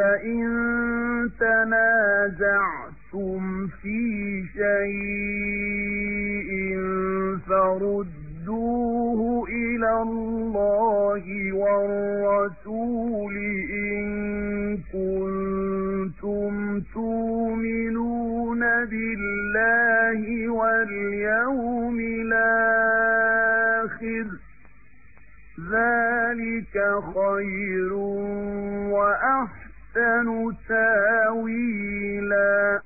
فإن تنازعتم في شيء فردوه إلى الله والرسول إن كنتم تؤمنون بالله واليوم الآخر ذلك خير وأحسن أَحْسَنُ تَأْوِيلًا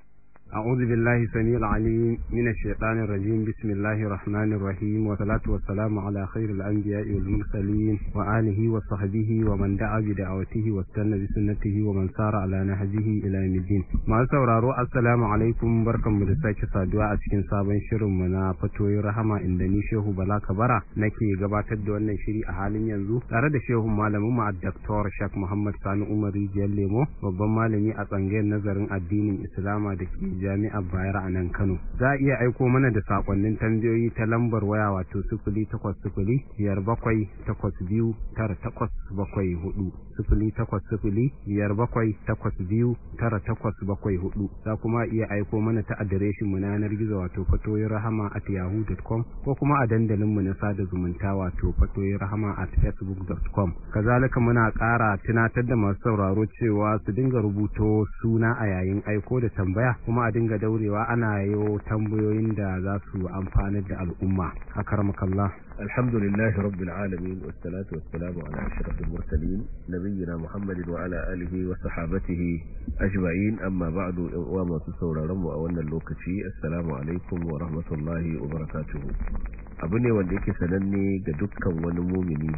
أعوذ بالله سميع العليم من الشيطان الرجيم بسم الله الرحمن الرحيم والصلاة والسلام على خير الأنبياء والمرسلين وآله وصحبه ومن دعا بدعوته واستنى بسنته ومن سار على نهجه إلى يوم الدين ما سورارو السلام عليكم بركم da sake saduwa a cikin sabon shirinmu na fatoyin rahama inda ni Shehu Bala Kabara nake gabatar da wannan shiri a halin yanzu tare da Shehu malamin mu Dr. Sheikh Muhammad Sani Umar Rijiyar Lemo babban malami a tsangayar nazarin addinin Islama da jami'ar bayar a nan kano za a iya aiko mana da sakonnin tambayoyi ta lambar waya wato sifili takwas sifili biyar bakwai takwas biyu tara takwas bakwai hudu takwas biyar bakwai takwas biyu tara takwas bakwai hudu za kuma iya aiko mana ta adireshin mu na yanar gizo wato fatoyin rahama at yahoo.com ko kuma a dandalin mu na sada zumunta wato fatoyin rahama at facebook.com kazalika muna kara tunatar da masu sauraro cewa su dinga rubuto suna a yayin aiko da tambaya kuma a dinga daurewa ana yo tambayoyin da za su amfani da al'umma akarmakallah alhamdulillahi rabbil alamin wassalatu wassalamu ala ashrafil mursalin nabiyyina muhammadin wa ala alihi wa sahabatihi ajma'in amma ba'du uwa masu sauraron mu a wannan lokaci assalamu alaikum wa rahmatullahi wa barakatuh abu ne wanda yake sananne ga dukkan wani mumini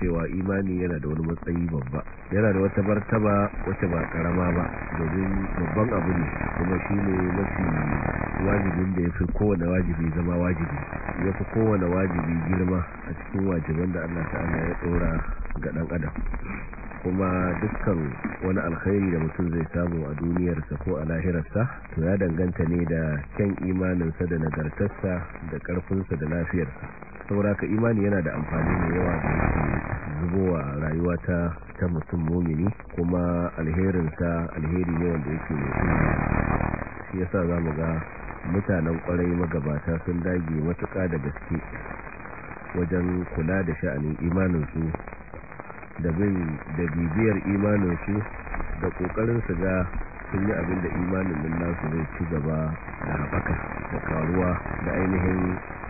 cewa imani yana da wani matsayi babba yana da wata martaba wacce ba karama ba domin babban abu ne kuma shi ne mafi wajibin da ya fi kowane wajibi zama wajibi ya fi kowane wajibi girma a cikin wajiban da allah ta'ala ya tsora ga dan adam kuma dukkan wani alkhairi da mutum zai samu a duniyarsa ko a lahirarsa to ya danganta ne da kyan imaninsa da nagartarsa da karfinsa da lafiyarsa saboda ka imani yana da amfani mai yawa zubowa rayuwa ta ta mutum mumini kuma alherinsa alheri ne wanda yake mai shi yasa za mu ga mutanen kwarai magabata sun dage matuƙa da gaske wajen kula da sha'anin imaninsu da bin da bibiyar imaninsu da ƙoƙarin su ga sun yi abin da imanin nan nasu zai ci gaba da haɓaka da karuwa da ainihin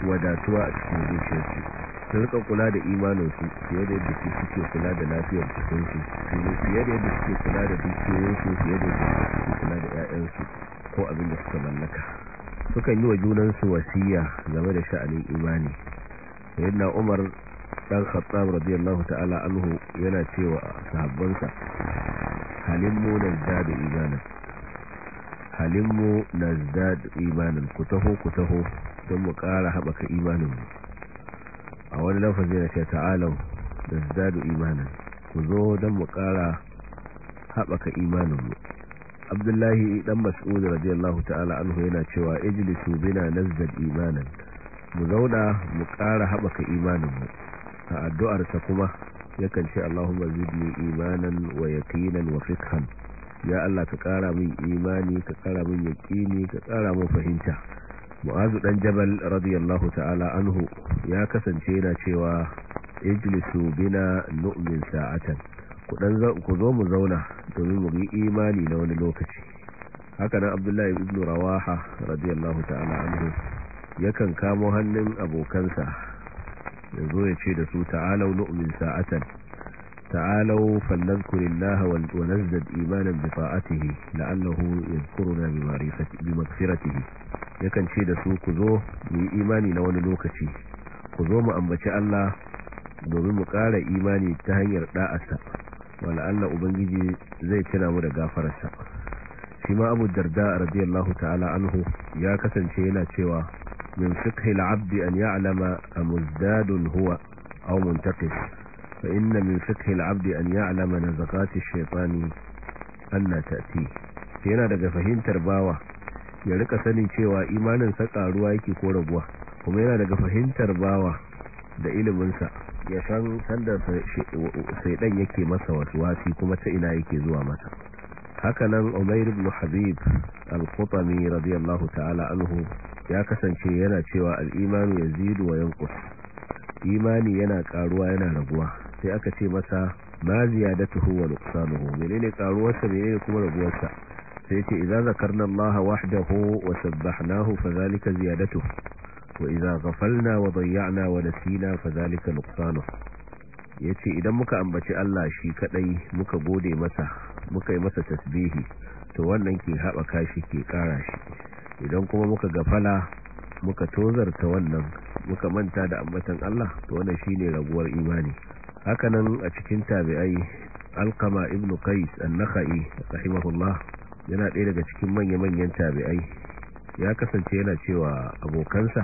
wadatuwa a cikin zuciyarsu su rika kula da imaninsu fiye da yadda su suke kula da lafiyar jikinsu fiye da yadda suke kula da dukiyoyinsu fiye da yadda suke kula da 'ya'yansu ko abin da suka mallaka sukan yi wa junansu wasiya game da sha'anin imani sayyidina umar dan khattab radiyallahu ta'ala anhu yana cewa sahabbansa halimmu nazdadu imanan halimmu nazdadu imanan ku taho ku taho don mu ƙara haɓaka imaninmu a wani lafazi na ce ta'alau nazdadu imanan ku zo don mu ƙara haɓaka imaninmu abdullahi dan mas'ud radiyallahu ta'ala anhu yana cewa ijlisu bina nazdad imanan mu zauna mu ƙara haɓaka imaninmu a addu'arsa kuma yakan ce Allahumma zidni imanan wa yaqinan wa fiqhan ya Allah ka ƙara min imani ka kara min yaqini ka kara min fahimta mu'azu dan jabal radiyallahu ta'ala anhu ya kasance yana cewa ijlisu bina nu'min sa'atan ku dan ku zo mu zauna domin mu yi imani na wani lokaci haka nan abdullahi ibn rawaha radiyallahu ta'ala anhu yakan kamo hannun abokansa ya zo ya ce da su ta'alau nu'min sa'atan ta'alau falnadhkurillaha wa nazdad imanan bi ya la'allahu na bi ma'rifati bi maghfiratihi yakan ce da su ku zo mu yi imani na wani lokaci ku zo mu ambaci Allah domin mu ƙara imani ta hanyar da'asa wala Allah ubangiji zai tuna mu da gafararsa shi ma Abu Darda radiyallahu ta'ala anhu ya kasance yana cewa من فقه العبد أن يعلم أمزداد هو أو منتقص فإن من فقه العبد أن يعلم نزقات الشيطان أن تأتيه هنا دقى فهم ترباوة يلقى سنين شوى إيمانا سقى روايكي كوربوة ومينا دقى فهم ترباوة da ilminsa ya san sanda sai dan yake masa wasu wasi kuma ta hakanan umair ibn habib al-qutami radiyallahu ta'ala anhu ya kasance yana cewa al-imanu yazidu wa yanqus imani yana karuwa yana raguwa sai aka ce masa ma ziyadatuhu wa nuqsanuhu menene karuwarsa menene kuma raguwarsa sai ce idza zakarna allaha wahdahu wa sabbahnahu fadhalika ziyadatuhu wa idza ghafalna wa dayya'na wa nasina fadhalika nuqsanuhu ya ce idan muka ambaci Allah shi kadai muka gode masa muka yi masa tasbihi to wannan ke haɓaka shi ke ƙara shi idan kuma muka gafala muka tozarta wannan muka manta da ambatan Allah to wannan shi ne raguwar imani hakanan a cikin tabi'ai alkama ibn qais an rahimahullah yana ɗaya daga cikin manya-manyan tabi'ai ya kasance yana cewa abokansa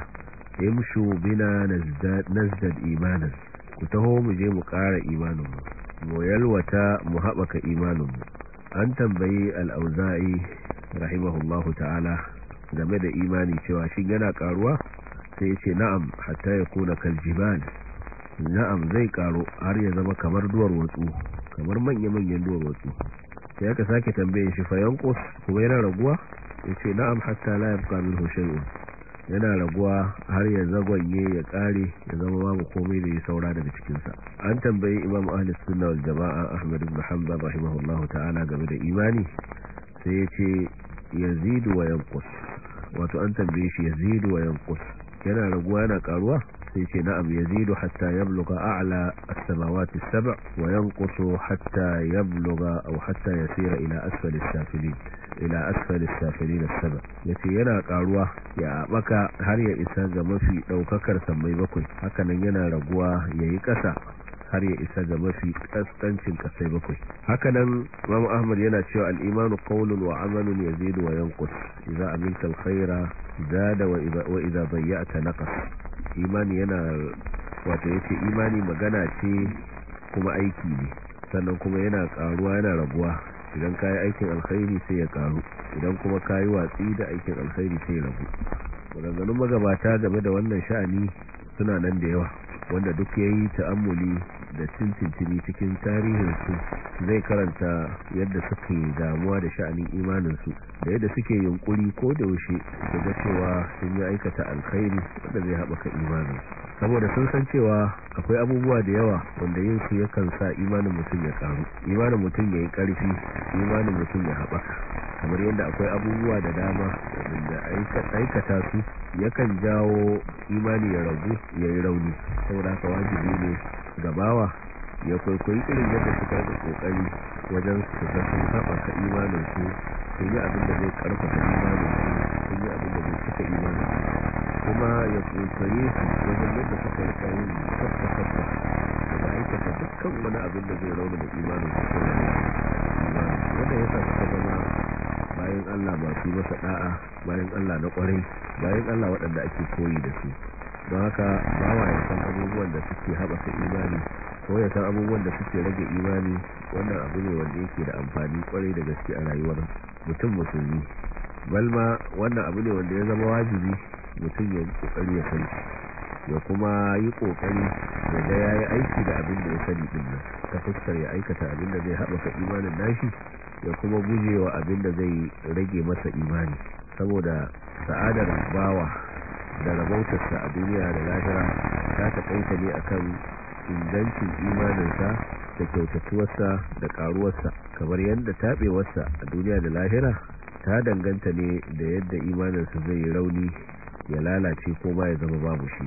yamshu bina nazdad imanin ku taho mu je mu ƙara imaninmu mu yalwata mu haɓaka imaninmu an tambayi al'auza'i rahimahullahu ta'ala game da imani cewa shi yana ƙaruwa sai ya ce na'am hatta ya kuna kaljibal na'am zai ƙaru har ya zama kamar duwar watsu kamar manya-manyan duwar watsu sai aka sake tambayin shi ƙos kuma yana raguwa ya ce na'am hatta la yabqa minhu yana raguwa har ya zagwanye ya kare ya zama babu komai da ya saura daga cikinsa an tambayi imam ahli sunna wal jama'a ahmad ibn hanbal rahimahullahu ta'ala game da imani sai ya ce yazidu wa yanqus wato an tambaye shi yazidu wa yanqus yana raguwa yana karuwa يعطيك نعم يزيد حتى يبلغ أعلى السماوات السبع وينقص حتى يبلغ أو حتى يسير إلى أسفل السافلين إلى أسفل السافلين السبع التي ينا قالوا يا مكا هل يأسان جمع في لو ككر سمي بكوي حكا ننا رقوا ييكسا har ya isa ga mafi ƙasƙancin kasai bakwai hakanan mamu ahmad yana cewa al'imanu ƙaunin wa amalin ya zai da wa yankus iza aminta zada wa iza bayyata na imani yana wato yace imani magana ce kuma aiki ne sannan kuma yana karuwa yana raguwa idan kayi aikin alkhairi sai ya karu idan kuma kayi watsi da aikin alkhairi sai ya rabu maganganun magabata game da wannan sha'ani suna nan da yawa wanda duk ya yi ta'amuli da cincincini cikin tarihinsu zai karanta yadda suke damuwa da sha'anin imaninsu da yadda suke yunkuri ko da yaushe su ga cewa sun yi aikata alkhairi wanda zai haɓaka imaninsu saboda sun san cewa akwai abubuwa da yawa wanda yin su yakan sa imanin mutum ya karu imanin mutum ya yi karfi imanin mutum ya haɓaka kamar yadda akwai abubuwa da dama wanda aikata su yakan jawo imani ya ragu ya yi rauni saboda haka wajibi ne gabawa ya kwaikwayi irin yadda suka da kokari wajen su zafi sun haɓaka imanin su sun yi abin da zai karfafa imanin sun yi abin kuma ya kokare su wajen yadda suka rika yin sabta da aikata dukkan wani abin da zai rauna da imanin su kuma wanda ya sa suka zama bayan Allah masu masa da'a bayan Allah na kwarai bayan Allah waɗanda ake koyi da su don haka bawa ya san abubuwan da suke haɓaka imani ko ya san abubuwan da suke rage imani wannan abu ne wanda yake da amfani kwarai da gaske a rayuwar mutum musulmi balma wannan abu ne wanda ya zama wajibi mutum ya kokari ya sani ya kuma yi kokari da ya yi aiki da abin da ya sani din nan ta fuskar ya aikata abin da zai haɓaka imanin nashi ya kuma guje wa abin da zai rage masa imani saboda sa'adar bawa da rabautarsa a duniya da lahira ta taƙaita ne kan ingancin imaninsa da kyautatuwarsa da ƙaruwarsa kamar yadda taɓewarsa a duniya da lahira ta danganta ne da yadda imaninsa zai rauni ya lalace ko ba ya zama babu shi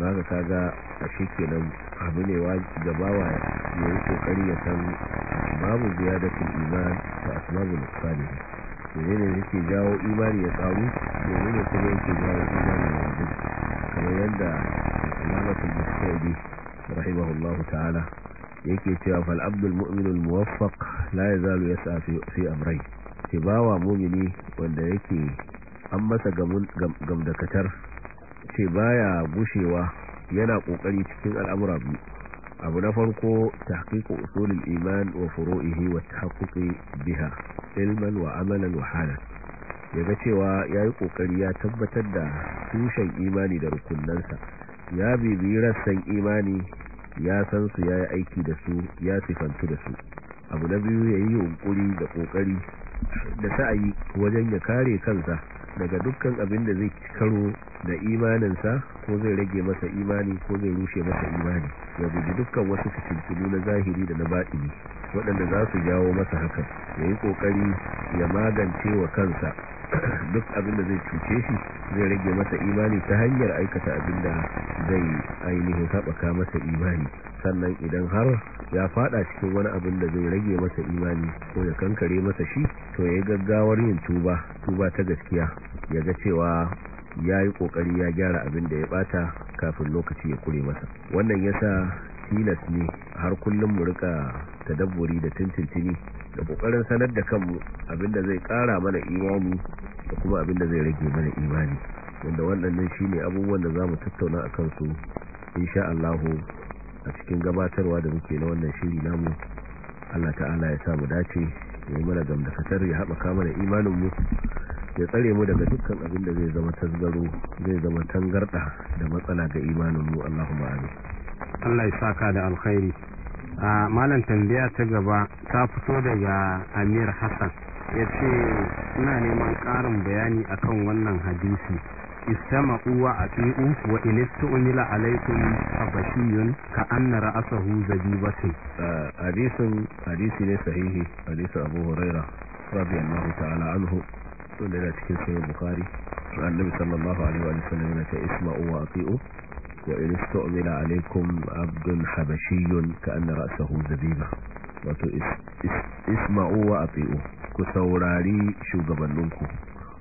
ba ka kaga a shi kenan abu ne da bawa ya yi kokari ya san babu biya da ziyadatul iman ta asbabul nuksan ne ne yake jawo imani ya karu ne ne kuma yake jawo imani ya rabu kuma yadda alamatul mustaidi rahimahullahu ta'ala yake cewa fal mu'minul muwaffaq la ya sa fi amrai ba wa mumini wanda yake an masa gamdakatar ce baya gushewa yana kokari cikin al'amura biyu abu na farko tahqiqu usulin iman wa furu'ihi wa tahaqquqi biha ilman wa amalan wa ya ga cewa yi kokari ya tabbatar da tushen imani da rukunansa ya bibiyi rassan imani ya san su ya yi aiki da su ya sifantu da su abu na biyu ya yi yunkuri da kokari da sa'ayi wajen ya kare kansa daga dukkan abin da zai karo da imaninsa ko zai rage masa imani ko zai rushe masa imani ya guji dukkan wasu fitintunu na zahiri da na baɗini waɗanda za su jawo masa hakan ya yi ƙoƙari ya magance wa kansa duk abin da zai cuce shi zai rage masa imani ta hanyar aikata abin da zai ainihin haɓaka masa imani sannan idan har ya fada cikin wani abin da zai rage masa imani ko ya kankare masa shi to ya gaggawar yin tuba tuba ta gaskiya ya ga cewa ya yi kokari ya gyara abin da ya bata kafin lokaci ya kure masa wannan yasa tilas ne har kullum mu rika tadabburi da tuntuntuni da kokarin sanar da kanmu abin da zai kara mana imani da kuma abin da zai rage mana imani wanda waɗannan shine abubuwan da za mu tattauna a kansu insha Allah a cikin gabatarwa da muke na wannan shiri namu Allah ta'ala ya samu dace ya yi mana gamdakatar ya haɓaka mana mu ya tsare mu daga dukkan abin da zai zama tasgaro zai zama tangarɗa da matsala ga imaninmu allahumma amin allah ya saka da alkhairi a malam tambaya ta gaba ta fito daga amir hassan ya ce ina neman ƙarin bayani akan wannan hadisi istama'u wa ati'u wa in istu'mila alaykum habashiyun ka anna ra'sahu zabibatun uh, hadisin hadisi ne sahihi hadisi Abu Huraira radiyallahu ta'ala anhu to da cikin sahih Bukhari annabi sallallahu alaihi wa sallam yana ce isma'u wa ati'u wa in istu'mila alaykum abdun habashiyun ka anna ra'sahu zabiba wato isma'u wa ati'u ku saurari shugabanninku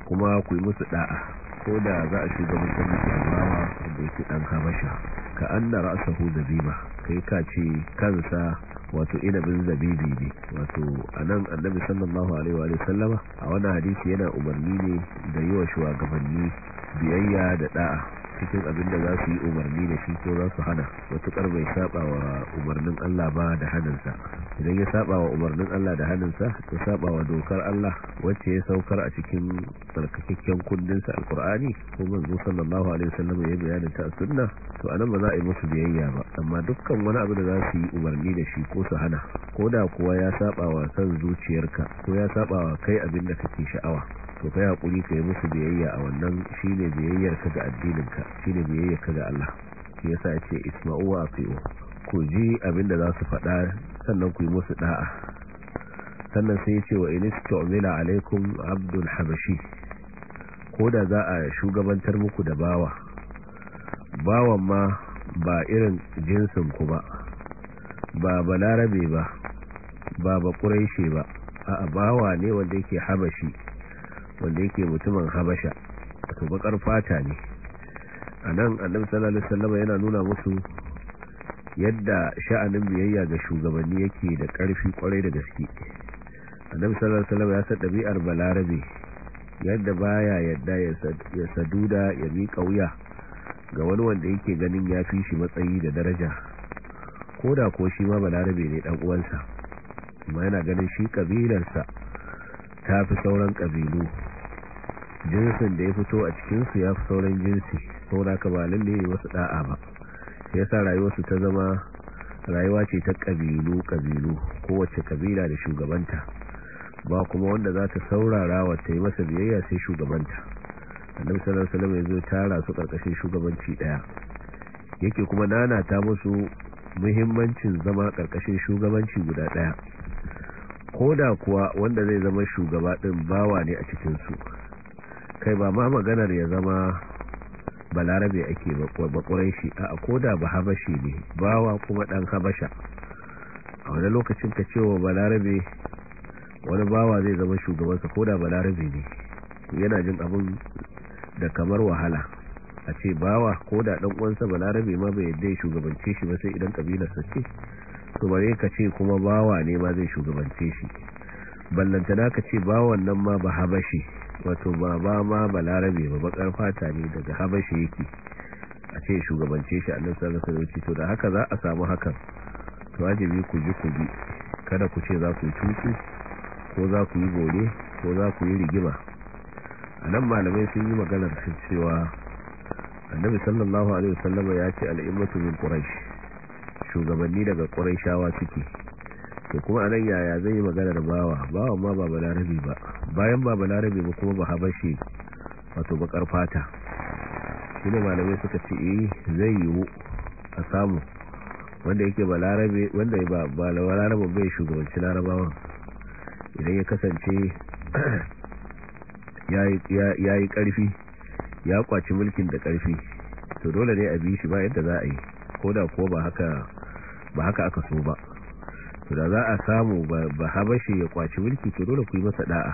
kuma ku yi musu ɗa'a. ko da za a shiga shugabantar da tsabawa da yake dan habasha ka an da ra'asahu zabiba kai ka ce kansa wato inabin zabibi ne wato anan annabi sallallahu alaihi wa sallama a wani hadisi yana umarni ne da yi wa shugabanni biyayya da da'a cikin abin da za su yi umarni da shi ko za su hana matuƙar bai saba wa umarnin Allah ba da hannunsa idan ya saba wa umarnin Allah da hannunsa to saba wa dokar Allah wacce ya saukar a cikin tsarkakakken kundinsa alkur'ani ko manzo sallallahu alaihi wasallam ya bayyana ta sunna to anan ba za a yi musu biyayya ba amma dukkan wani abu da za su yi umarni da shi ko su hana ko da kuwa ya saba wa san zuciyarka ko ya saba wa kai abin da kake sha'awa to kai hakuri ka yi musu biyayya a wannan shine biyayyar ka ga addinin ka shi shine biyayya ga Allah shi yasa yace isma'u wa fi'u ku ji abinda za su faɗa sannan ku yi musu ɗa'a. sannan sai yace wa in istu'mila alaikum abdul habashi ko da za a shugabantar muku da bawa bawan ma ba irin jinsin ku ba ba balarabe ba ba ba shi ba a bawa ne wanda yake habashi wanda yake mutumin habasha to bakar fata ne a nan annabi sallallahu alaihi wasallam yana nuna musu yadda sha'anin biyayya ga shugabanni yake da ƙarfi kwarai da gaske annabi sallallahu alaihi wasallam ya sa ɗabi'ar balarabe yadda baya yadda ya saduda ya miƙa wuya ga wani wanda yake ganin ya fi shi matsayi da daraja ko da ko shi ma balarabe ne dan uwansa amma yana ganin shi kabilarsa ta fi sauran kabilu jinsin da ya fito a cikinsu ya fi sauran jinsi saboda ka ba lalle yi wasu da'a ba shi yasa rayuwarsu ta zama rayuwa ce ta kabilu kabilu kowace kabila da shugabanta ba kuma wanda za ta saurara wa ta yi masa biyayya sai shugabanta annabi sallallahu alaihi wasallam ya tara su karkashin shugabanci daya yake kuma nana ta musu muhimmancin zama karkashin shugabanci guda daya da kuwa wanda zai zama shugaba din bawa ne a cikin su kai ba ma maganar ya zama balarabe ake bakurai shi a koda ba habashi ne bawa kuma dan habasha a wani lokacin ka cewa balarabe wani bawa zai zama shugabansa koda balarabe ne yana jin abin da kamar wahala a ce bawa koda dan uwansa balarabe ma bai yadda ya shugabance shi ba sai idan kabilarsa ce to bare ka ce kuma bawa ne ma zai shugabance shi ballantana ka ce bawan nan ma ba habashi wato ba ma balarabe ba bakar fata ne daga habashi yake a ce shugabance shi annabi sallallahu alaihi wasallam to da haka za a samu hakan to wajibi ku ji ku bi kada ku ce za ku cuku ko za ku yi gore ko za ku yi rigima a nan malamai sun yi maganar cewa annabi sallallahu alaihi wasallam ya ce al'immatu min quraish shugabanni daga quraishawa suke to kuma a nan yaya zai yi maganar bawa bawa ma ba balarabi ba bayan ba balarabi ba kuma ba habashi wato bakar fata shi ne malamai suka ce eh zai yiwu a samu wanda yake balarabi wanda ba ya bai shugabanci larabawan idan ya kasance ya yi karfi ya kwaci mulkin da karfi to dole ne a bi shi ba yadda za a yi ko da ko ba haka aka so ba to da za a samu ba habashi ya kwaci mulki to dole ku yi masa da'a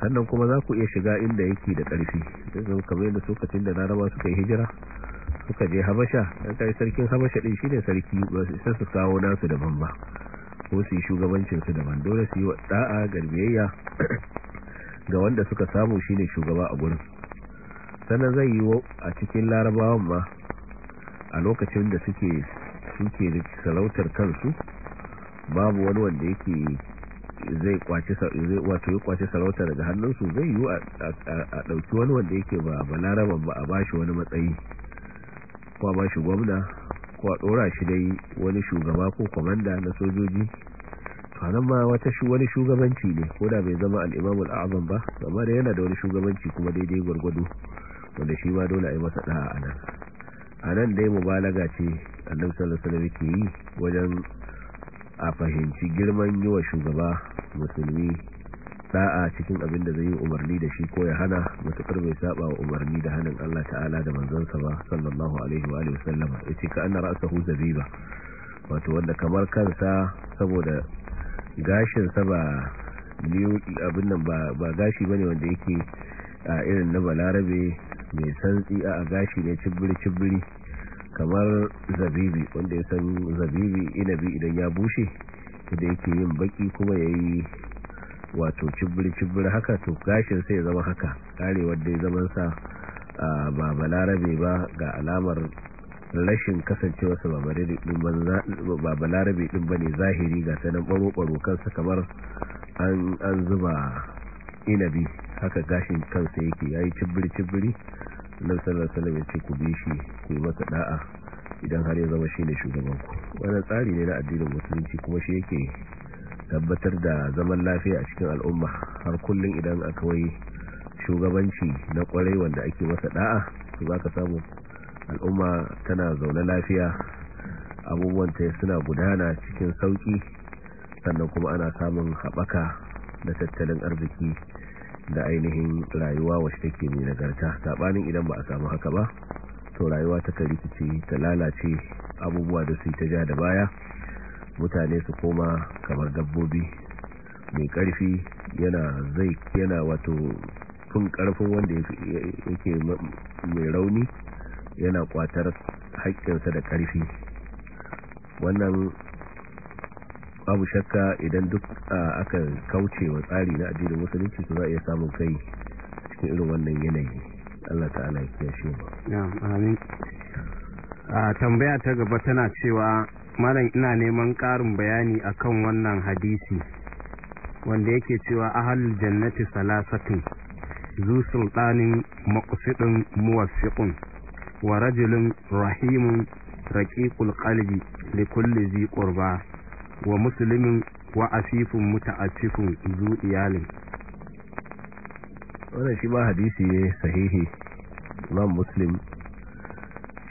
sannan kuma za ku iya shiga inda yake da ƙarfi zama kamar yadda lokacin da naraba suka yi hijira suka je habasha dan kai sarkin habasha ɗin shi ne sarki ba su isa su kawo nasu daban ba ko su yi shugabancinsu daban dole su yi wa da'a garbiyayya ga wanda suka samu shi ne shugaba a gurin sannan zai yi a cikin larabawan ma a lokacin da suke suke da salautar kansu babu wani wanda yake zai kwace zai wato ya kwace sarauta daga hannunsu zai yi a ɗauki wani wanda yake ba balaraban ba a bashi wani matsayi ko a bashi gwamna ko a ɗora shi dai wani shugaba ko kwamanda na sojoji nan ma wata wani shugabanci ne ko da bai zama al'imamu al'azam ba amma da yana da wani shugabanci kuma daidai gwargwado wanda shi ma dole a yi masa ɗaha a nan a nan dai mubalaga ce annabi sallallahu alaihi wasallam yake yi wajen a fahimci girman yi wa shugaba musulmi sa'a cikin abin da zai yi umarni da shi ko ya hana matukar bai saba wa umarni da hannun Allah ta'ala da manzansa ba sallallahu alaihi wa sallama yace ka anna ra'sahu zabiba wato wanda kamar kansa saboda gashin sa ba liyu abin nan ba ba gashi bane wanda yake a irin na balarabe mai santsi a gashi ne cibbiri cibbiri kamar zabibi wanda ya san zabibi inabi idan ya bushe da yake yin baki kuma ya yi wato cibiri-cibiri haka to gashin sai ya zama haka kare da ya zama sa ba balarabe ba ga alamar rashin kasancewarsa ba balarabe din ba ne zahiri ga sanan baro-baro kansa kamar an zuba inabi haka gashin kansa yake ya yi cibiri-cibiri annabi sallar sallar ya ce ku bi shi ku yi masa da'a idan har ya zama shine shugaban ku wannan tsari ne na addinin musulunci kuma shi yake tabbatar da zaman lafiya a cikin al'umma har kullum idan aka wai shugabanci na kwarai wanda ake masa da'a to zaka samu al'umma tana zaune lafiya abubuwan ta suna gudana cikin sauki sannan kuma ana samun haɓaka na tattalin arziki da ainihin rayuwa wacce take mai nagarta sabanin idan ba a samu haka ba to rayuwa ta rikice ta lalace abubuwa da su ta ja da baya mutane su koma kamar dabbobi mai karfi yana zai yana wato kun karfin wanda yake mai rauni yana kwatar haƙƙinsa da karfi wannan babu shakka idan duk aka kauce wa tsari na addinin musulunci su za a iya samun kai cikin irin wannan yanayi Allah ta'ala ya kiyashe amin a tambaya ta gaba tana cewa mara ina neman ƙarin bayani a kan wannan hadisi wanda yake cewa ahal jannati salasatin zu sultanin maqsidun muwaffiqun wa rajulun rahimun raqiqul qalbi da kulle zi qurba wa muslimin wa afifin muta'affifin zu iyalin wannan shi ma hadisi ne sahihi imam muslim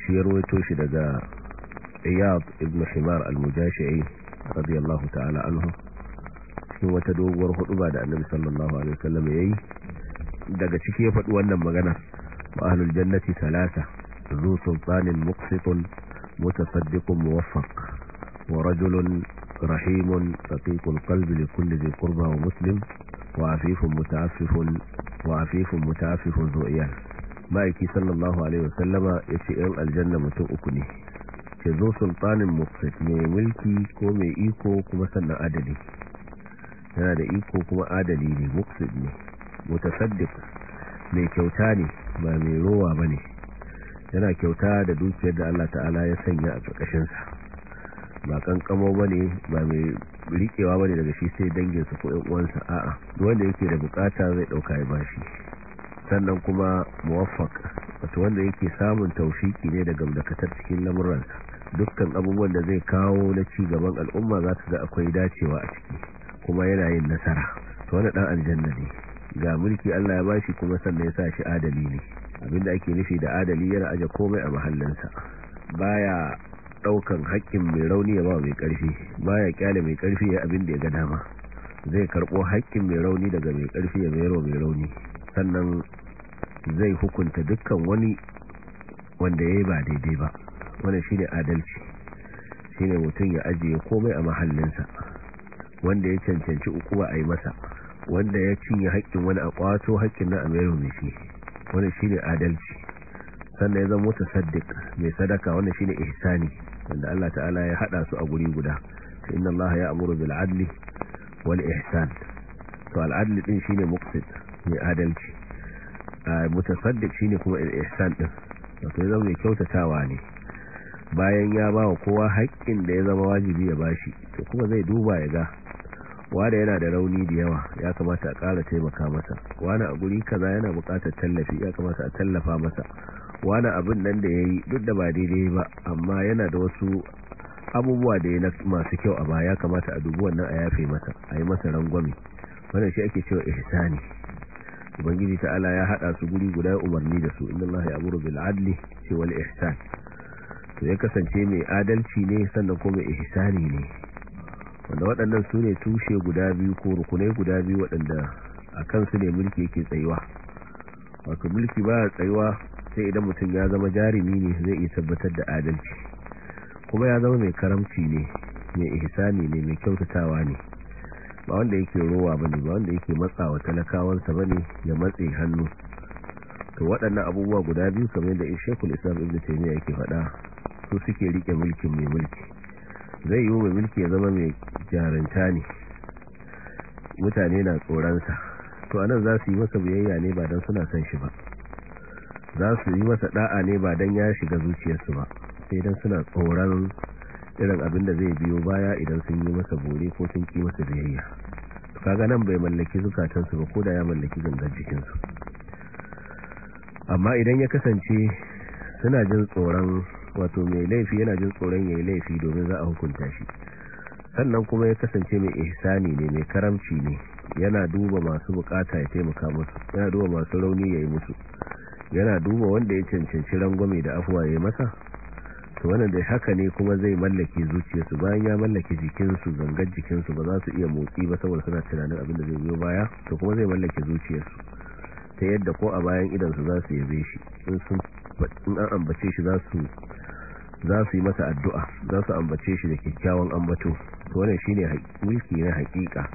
shi ya rawaito shi daga iyad ibn himar al-mujashi'i radiyallahu ta'ala anhu cikin wata doguwar ba da annabi sallallahu alaihi wasallam yayi daga ciki ya faɗi wannan magana wa ahlul jannati thalatha zu sultanin muqsitun mutasaddiqun muwaffaq wa rajulun رحيم رقيق القلب لكل ذي قربى ومسلم وعفيف متعفف وعفيف متعفف ذو إيان ma'aiki sallallahu alaihi wasallama ya ce ‘yan aljanna mutum uku ne ke zo sultanin muksit mai mulki ko mai iko kuma sannan adali yana da iko kuma adali ne muksit ne mutasaddiq mai kyauta ne ba mai rowa ba ne yana kyauta da dukiyar da allah ta'ala ya sanya a ƙarƙashinsa ba kankamo ba ne ba mai rikewa ba ne daga shi sai danginsa ko uwansa a'a wanda yake da bukata zai ɗauka ya bashi sannan kuma muwaffaq wato wanda yake samun taushiki ne daga dakatar cikin lamuran dukkan abubuwan da zai kawo na ci gaban al'umma za ga akwai dacewa a ciki kuma yana yin nasara to wani dan aljanna ne ga mulki Allah ya bashi kuma sannan ya sa shi adali ne abinda ake nufi da adali yana aje komai a mahallinsa baya daukan haƙƙin mai rauni ya ba mai karfi baya kyale mai karfi ya abin da ya ga dama zai karbo haƙƙin mai rauni daga mai karfi ya mero mai rauni sannan zai hukunta dukkan wani wanda ya yi ba daidai ba shi shine adalci shine mutum ya ajiye komai a mahallinsa wanda ya cancanci ukuwa a yi masa wanda ya cinye haƙƙin wani a kwato haƙƙin na a mero mai shi shi shine adalci sannan ya zama tasaddiq mai sadaka wannan shine ihsani wanda Allah ta'ala ya hada su a guri guda inna Allah ya'muru bil adli wal ihsan to al adli din shine muqsit mai adalci mutasaddiq shine kuma al ihsan din to ya zama kyautatawa ne bayan ya bawa kowa haƙƙin da ya zama wajibi ya bashi to kuma zai duba ya ga wanda yana da rauni da yawa ya kamata a ƙara taimaka masa wani a guri kaza yana buƙatar tallafi ya kamata a tallafa masa wani abin nan da ya yi duk da ba daidai ba amma yana da wasu abubuwa da ya masu kyau a baya kamata a dubu wannan a yafe mata a yi masa rangwami wannan shi ake cewa ihsani ubangiji ta'ala ya hada su guri guda ya umarni da su inda inna allaha ya'muru bil adli wal ihsan to ya kasance mai adalci ne sannan kuma ihsani ne wanda waɗannan su ne tushe guda biyu ko rukunai guda biyu waɗanda a kansu ne mulki yake tsayuwa wato mulki ba tsayuwa sai idan mutum ya zama jarumi ne zai iya tabbatar da adalci kuma ya zama mai karamci ne mai ihsani ne mai kyautatawa ne ba wanda yake rowa bane ba wanda yake matsawa talakawansa bane ya matse hannu to waɗannan abubuwa guda biyu kamar da Sheikhul Islam Ibn Taymiyyah yake faɗa su suke rike mulkin mai mulki zai yi mai mulki ya zama mai jarunta ne mutane na tsoronsa to anan za su yi masa biyayya ne ba don suna san shi ba za su yi masa da'a ne ba don ya shiga zuciyarsu ba sai don suna tsoron irin abin da zai biyo baya idan sun yi masa bore ko sun ki masa biyayya kaga nan bai mallaki zukatansu ba ko da ya mallaki gangar jikinsu amma idan ya kasance suna jin tsoron wato mai laifi yana jin tsoron ya yi laifi domin za a hukunta shi sannan kuma ya kasance mai ihsani ne mai karamci ne yana duba masu bukata ya taimaka musu yana duba masu rauni ya yi musu yana duba wanda ya cancanci rangwame da afuwa ya masa to wannan da haka ne kuma zai mallake zuciyarsu bayan ya mallake jikinsu zangar jikinsu ba za su iya motsi ba saboda suna tunanin abin da zai biyo baya to kuma zai mallake zuciyarsu ta yadda ko a bayan idansu za su yabe shi in an ambace shi za su yi masa addu'a za su ambace shi da kyakkyawan ambato to wannan shi ne mulki na haƙiƙa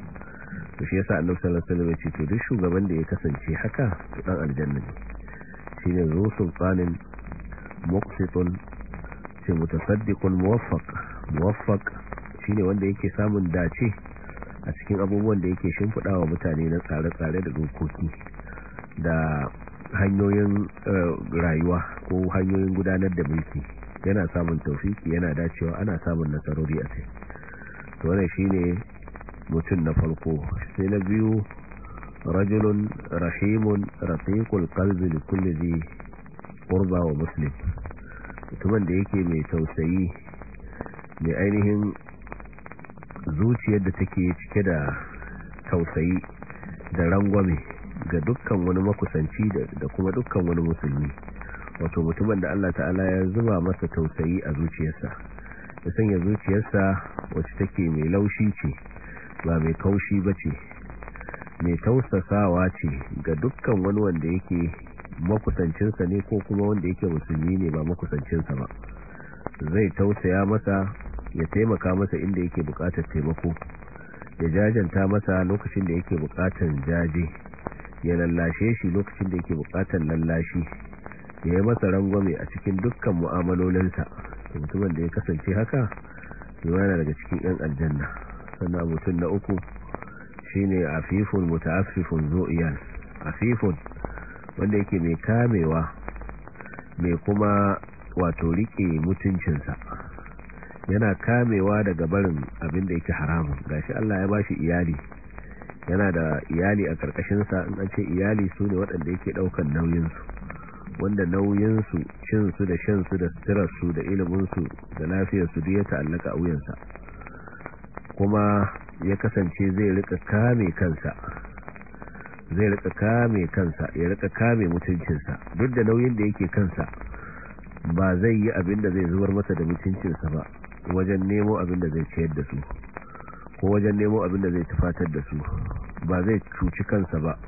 to shi yasa annabi sallallahu ce to duk shugaban da ya kasance haka to ɗan aljanna ne shi ne zo sultanin muqsitun ce mutasaddiqun muwaffaq muwaffaq shine wanda yake samun dace a cikin abubuwan da yake wa mutane na tsare-tsare da dokoki da hanyoyin rayuwa ko hanyoyin gudanar da mulki yana samun taufiki yana dacewa ana samun nasarori a sai to wannan shine mutum na farko sai na biyu rajulun rahimun rafiqul qalbi li kulli dhi wa muslim mutumin da yake mai tausayi mai ainihin zuciyar da take cike da tausayi da rangwame ga dukkan wani makusanci da kuma dukkan wani musulmi wato mutumin da Allah ta'ala ya zuba masa tausayi a zuciyarsa ya sanya zuciyarsa wacce take mai laushi ce ba mai kaushi ba ce mai tausasawa ce ga dukkan wani wanda yake makusancinsa ne ko kuma wanda yake musulmi ne ba makusancinsa ba zai tausaya masa ya taimaka masa inda yake bukatar taimako ya jajanta masa lokacin da yake bukatar jaje ya lallashe shi lokacin da yake bukatar lallashi ya yi masa rangwame a cikin dukkan mu'amalolinsa mutumin da ya kasance haka yana daga cikin 'yan aljanna sannan mutum na uku shine afifun mutaaffifun zu'iyan afifun wanda yake mai kamewa mai kuma wato rike mutuncinsa yana kamewa daga barin abin da yake haramun gashi Allah ya bashi iyali yana da iyali a sa in an ce iyali su ne waɗanda yake ɗaukar nauyinsu wanda nauyinsu cinsu da shansu da su da iliminsu da lafiyarsu duk ya ta'allaka a wuyansa kuma ya kasance zai rika kame kansa zai rika kame kansa ya rika kame mutuncinsa duk da nauyin da yake kansa ba zai yi abin da zai zubar masa da mutuncinsa ba wajen nemo abin da zai ciyar da su ko wajen nemo abin da zai tufatar da su ba zai cuci kansa ba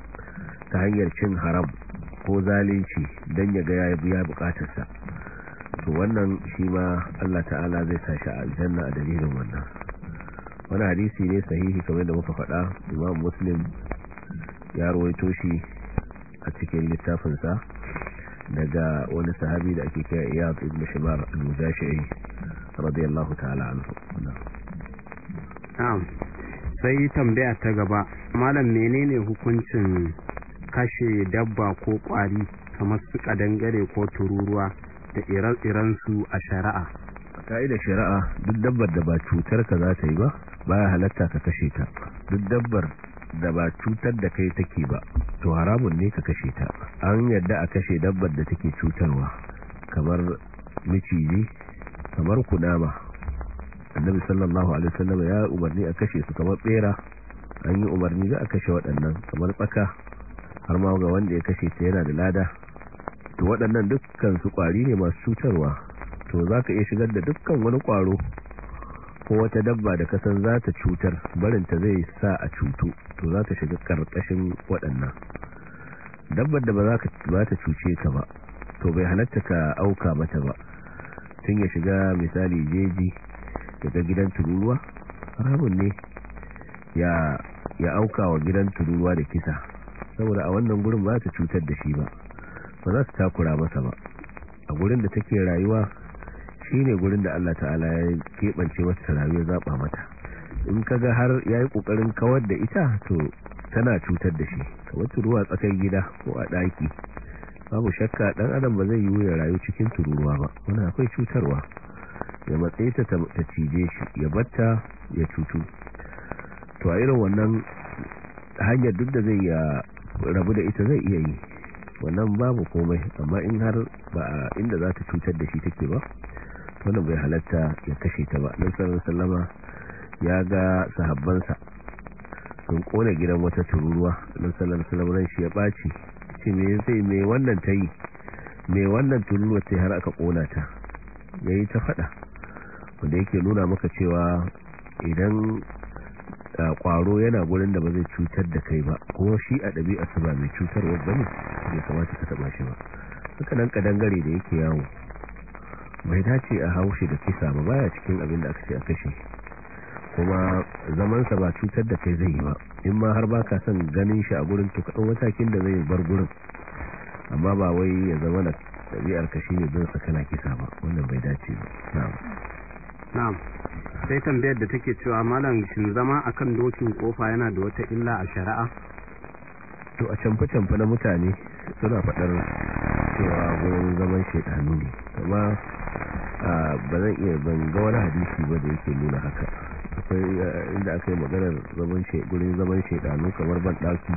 ta hanyar cin haram ko zalunci don ya ga ya biya bukatarsa to wannan shi ma Allah ta'ala zai sa shi a aljanna a dalilin wannan wani hadisi ne sahihi kamar da muka faɗa imam muslim ya rawaito shi a cikin littafinsa daga wani sahabi da ake kira iyad ibn shimar al mujashii radiyallahu ta'ala anhu na'am sai tambaya ta gaba malam menene hukuncin kashe dabba ko kwari kamar su kadangare ko tururuwa da ire-iren a shari'a ka'idar shari'a duk dabbar da ba cutar ka za ta yi ba baya halatta ka kashe ta duk dabbar da ba cutar da kai take ba to haramun ne ka kashe ta an yadda a kashe dabbar da take cutarwa kamar miciji kamar kunama annabi sallallahu alaihi wasallam ya umarni a kashe su kamar bera an yi umarni za a kashe waɗannan kamar tsaka har ma ga wanda ya kashe ta yana da lada to waɗannan dukkan su kwari ne masu cutarwa to za ka iya shigar da dukkan wani kwaro ko wata dabba da kasan za ta cutar barinta zai sa a cutu to za ta shiga ƙarƙashin waɗannan dabbar da ba za ta cuce ka ba to bai halatta ka auka mata ba tun ya shiga misali jeji daga gidan tururuwa rabin ne ya auka wa gidan tururuwa da kisa saboda a wannan gurin ba ta cutar da shi ba ba za su takura masa ba a gurin da take rayuwa shi ne gurin da Allah ta'ala ya keɓance wata tarawih zaɓa mata in ka ga har ya yi ƙoƙarin kawar da ita to tana cutar da shi kamar turuwa tsakar gida ko a ɗaki babu shakka ɗan adam ba zai yi ya rayu cikin tururuwa ba wani akwai cutarwa ya matsayi ta ta cije shi ya batta ya cutu to a irin wannan hanyar duk da zai ya rabu da ita zai iya yi wannan babu komai amma in har ba inda za ta cutar da shi take ba wanda bai halatta ya kashe ta ba nan salama sallama ya ga sahabbansa sun kona gidan wata tururuwa nan salama sallama shi ya ɓaci ce yin zai me wannan ta yi me wannan tururuwa ce har aka kona ta ya yi ta faɗa wanda yake nuna maka cewa idan kwaro yana wurin da ba zai cutar da kai ba ko shi a ɗabi'a su ba mai cutarwa ba ne ya kamata ka taɓa shi ba suka nan dangare da yake yawo bai dace a haushi da kisa ba baya cikin abin da aka ce a kashe kuma zamansa ba cutar da kai zai yi ba in ma har baka son ganin shi a gurin to kaɗan matakin da zai bar gurin amma ba wai ya zama da ɗabi'ar kashi ne don sa kana kisa ba wannan bai dace ba na'am na'am sai tambayar da take cewa malam shin zama akan dokin kofa yana da wata illa a shari'a to a canfa-canfa na mutane suna faɗar cewa gurin zaman shaidanu ne amma ba zan iya ban ga wani hadisi ba da yake nuna haka akwai eh, inda aka yi maganar zaman gurin zaman shaidanu kamar banɗaki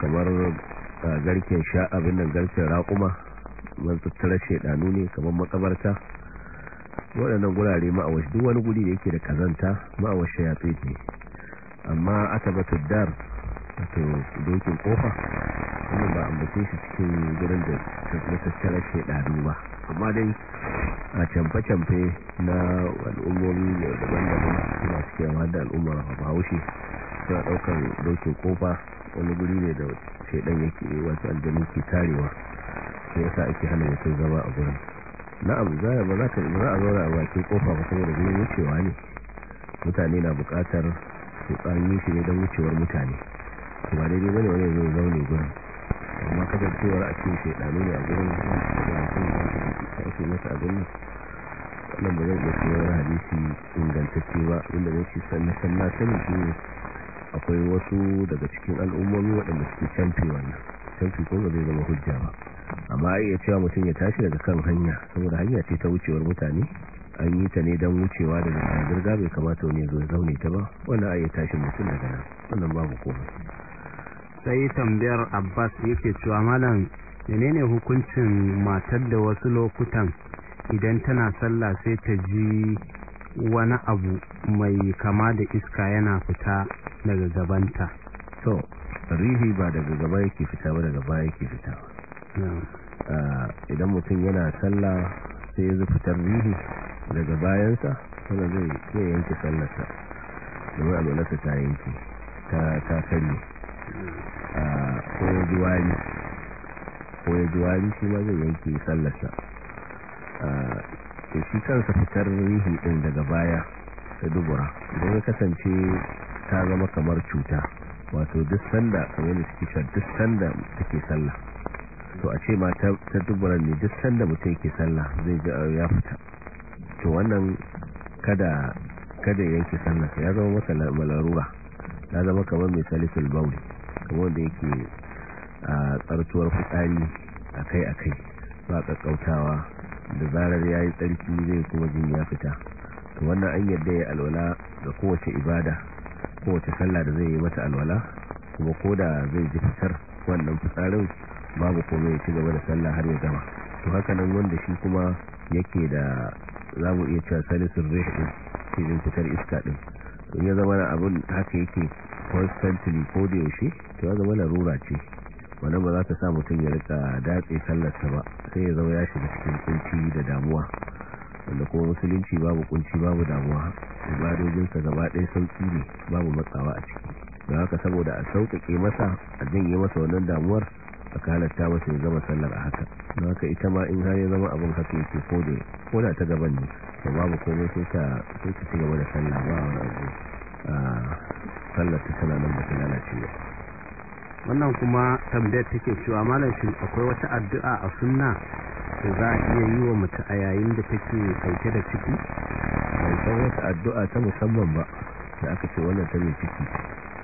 kamar eh, garken sha abin nan garken raƙuma man tattara shaidanu ne kamar makabarta waɗannan gurare ma'awashi duk wani guri da yake da kazanta ma'awashi ya tsaye amma aka ba dar wato dokin kofa wannan ba a ambace shi cikin gidan da tattattarar ɗari ba amma dai a camfe-camfe na al'ummomi da daban-daban suna yawa da al'ummar haushe suna ɗaukar dokin kofa wani guri ne da shaidan yake wasu aljanu ke tarewa sai yasa ake hana kai zama a gurin na'am zaya ba za ka za a zauna a bakin kofa ba saboda gurin wucewa ne mutane na bukatar su tsanyi shi ne don wucewar mutane ba daidai bane wani zai zaune gurin amma cewa a cikin shaidanu ne a gurin da mutum ya ake masa abin nan wannan ba zai iya cewar hadisi ingantacce ba inda zai ci sannan sannan shi ne akwai wasu daga cikin al'ummomi waɗanda suke canfi wannan canfi ko zai zama hujja ba amma iya cewa mutum ya tashi daga kan hanya saboda hanya ce ta wucewar mutane an yi ta ne don wucewa daga zirga bai kamata wani zo zaune ta ba wannan ya tashi mutum daga nan wannan babu komai sai tambayar abbas yake cewa malam menene hukuncin matar da wasu lokutan idan tana sallah sai ta ji wani abu mai kama da iska yana fita daga gabanta so rihi ba daga gaba yake fita ba daga baya yake fita ah, idan mutum yana sallah sai ya fitar rihi daga bayansa wanda zai yanke sallarsa domin abu ta yanke ta karye ko ya ji shi ma zai yanke sallarsa da shi kansa fitar rihi ɗin daga baya ta dubura don ya kasance ta zama kamar cuta wato duk sanda kamar da suke cewa duk sanda take sallah to a ce ma ta dubura ne duk sanda mutum yake sallah zai ji ya fita to wannan kada kada yanke sallah ya zama masa malarura ya zama kamar mai salisul bauri wanda yake a tsartuwar fitsari akai-akai ba kakkautawa da zarar ya yi tsarki zai kuma jin ya fita to wannan an yadda ya alwala ga kowace ibada kowace sallah da zai yi mata alwala kuma ko da zai ji fitar wannan fitsarin babu komai ya ci gaba da sallah har ya gama to haka nan wanda shi kuma yake da za mu iya cewa salisun rihin cikin fitar iska din in ya zama na abin haka yake constantly ko da yaushe to ya zama larura ce wannan ba za ta sa mutum ya rika datse sallarsa ba sai ya zama ya shiga cikin kunci da damuwa wanda kuma musulunci babu kunci babu damuwa ibadojinsa gaba ɗaya sauki ne babu matsawa a ciki da haka saboda a sauƙaƙe masa a janye masa wannan damuwar aka halatta masa ya gama sallar a haka don haka ita ma in hanyar zama abin haka yake ko da ta gaban ne da babu komai sai ta ci gaba da sallah ba wani abu sallar ta tana nan ba ta lalace ba wannan kuma tambayar take cewa malam shi akwai wata addu'a a sunna da za a iya yi wa mace a yayin da take ɗauke da ciki bai san wata addu'a ta musamman ba da aka ce wannan ta mai ciki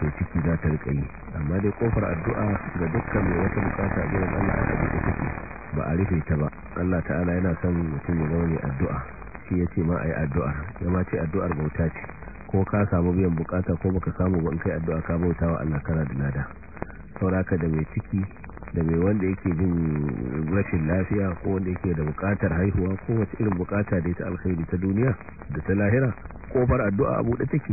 to ciki za ta riƙa amma dai kofar addu'a ga dukkan mai wata bukata a gidan Allah a buɗe take ba a rufe ta ba Allah ta'ala yana son mutum ya zama mai addu'a shi ya ce ma a yi addu'ar ya ma ce addu'ar bauta ce ko ka samu biyan bukata ko baka samu ba in kai addu'a ka bauta wa Allah kana da lada sauraka da mai ciki da mai wanda yake jin rashin lafiya ko wanda yake da bukatar haihuwa ko wace irin bukata da ta alkhairi ta duniya da ta lahira kofar addu'a a buɗe take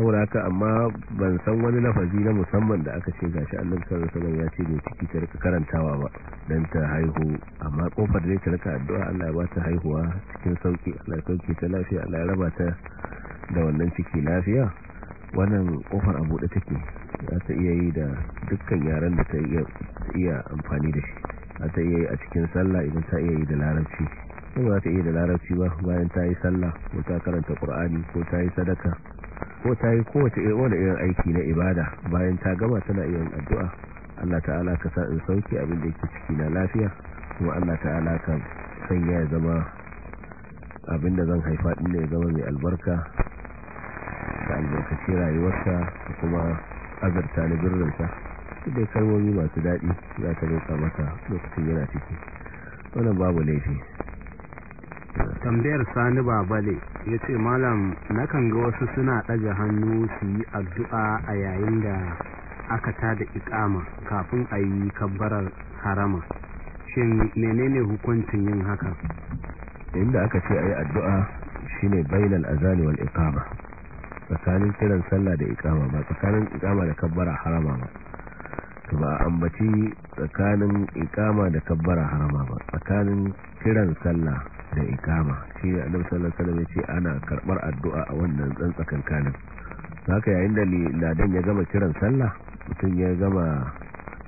saboda haka amma ban san wani lafazi na musamman da aka ce gashi annabi sallallahu alaihi ya ce mai ciki ta rika karantawa ba dan ta haihu amma kofar da ta rika addu'a Allah ya ba ta haihuwa cikin sauki Allah ya sauke ta lafiya Allah ya raba ta da wannan ciki lafiya wannan kofar abu da take za ta iya yi da dukkan yaran da ta iya amfani da shi za ta iya yi a cikin sallah idan ta iya yi da larabci ko za ta iya da larabci ba bayan ta yi sallah ko ta karanta qur'ani ko ta yi sadaka ko ta yi kowace wani irin aiki na ibada bayan ta gama tana iya addu'a Allah ta'ala ka sa in sauki abin da yake ciki na lafiya kuma Allah ta'ala ka sanya ya zama abin da zan haifa din ya zama mai albarka ta albarkaci rayuwarsa da kuma azarta na birrinsa duk da kalmomi masu daɗi za ta masa lokacin yana ciki wannan babu laifi tambayar sani babale ya ce malam na kan ga wasu suna ɗaga hannu su yi addu'a a yayin da aka ta da ikama kafin a yi kabbarar harama shin menene hukuncin yin haka inda aka ce a yi addu'a shine bainal azani wal ikama tsakanin kiran sallah da ikama ba tsakanin ikama da kabbara harama ba to ba ambaci tsakanin ikama da kabbara harama ba tsakanin kiran sallah da ikama shi ne annabi sallallahu alaihi ya ce ana karbar addu'a a wannan tsantsakan kanin haka yayin da ladan ya gama kiran sallah mutum ya gama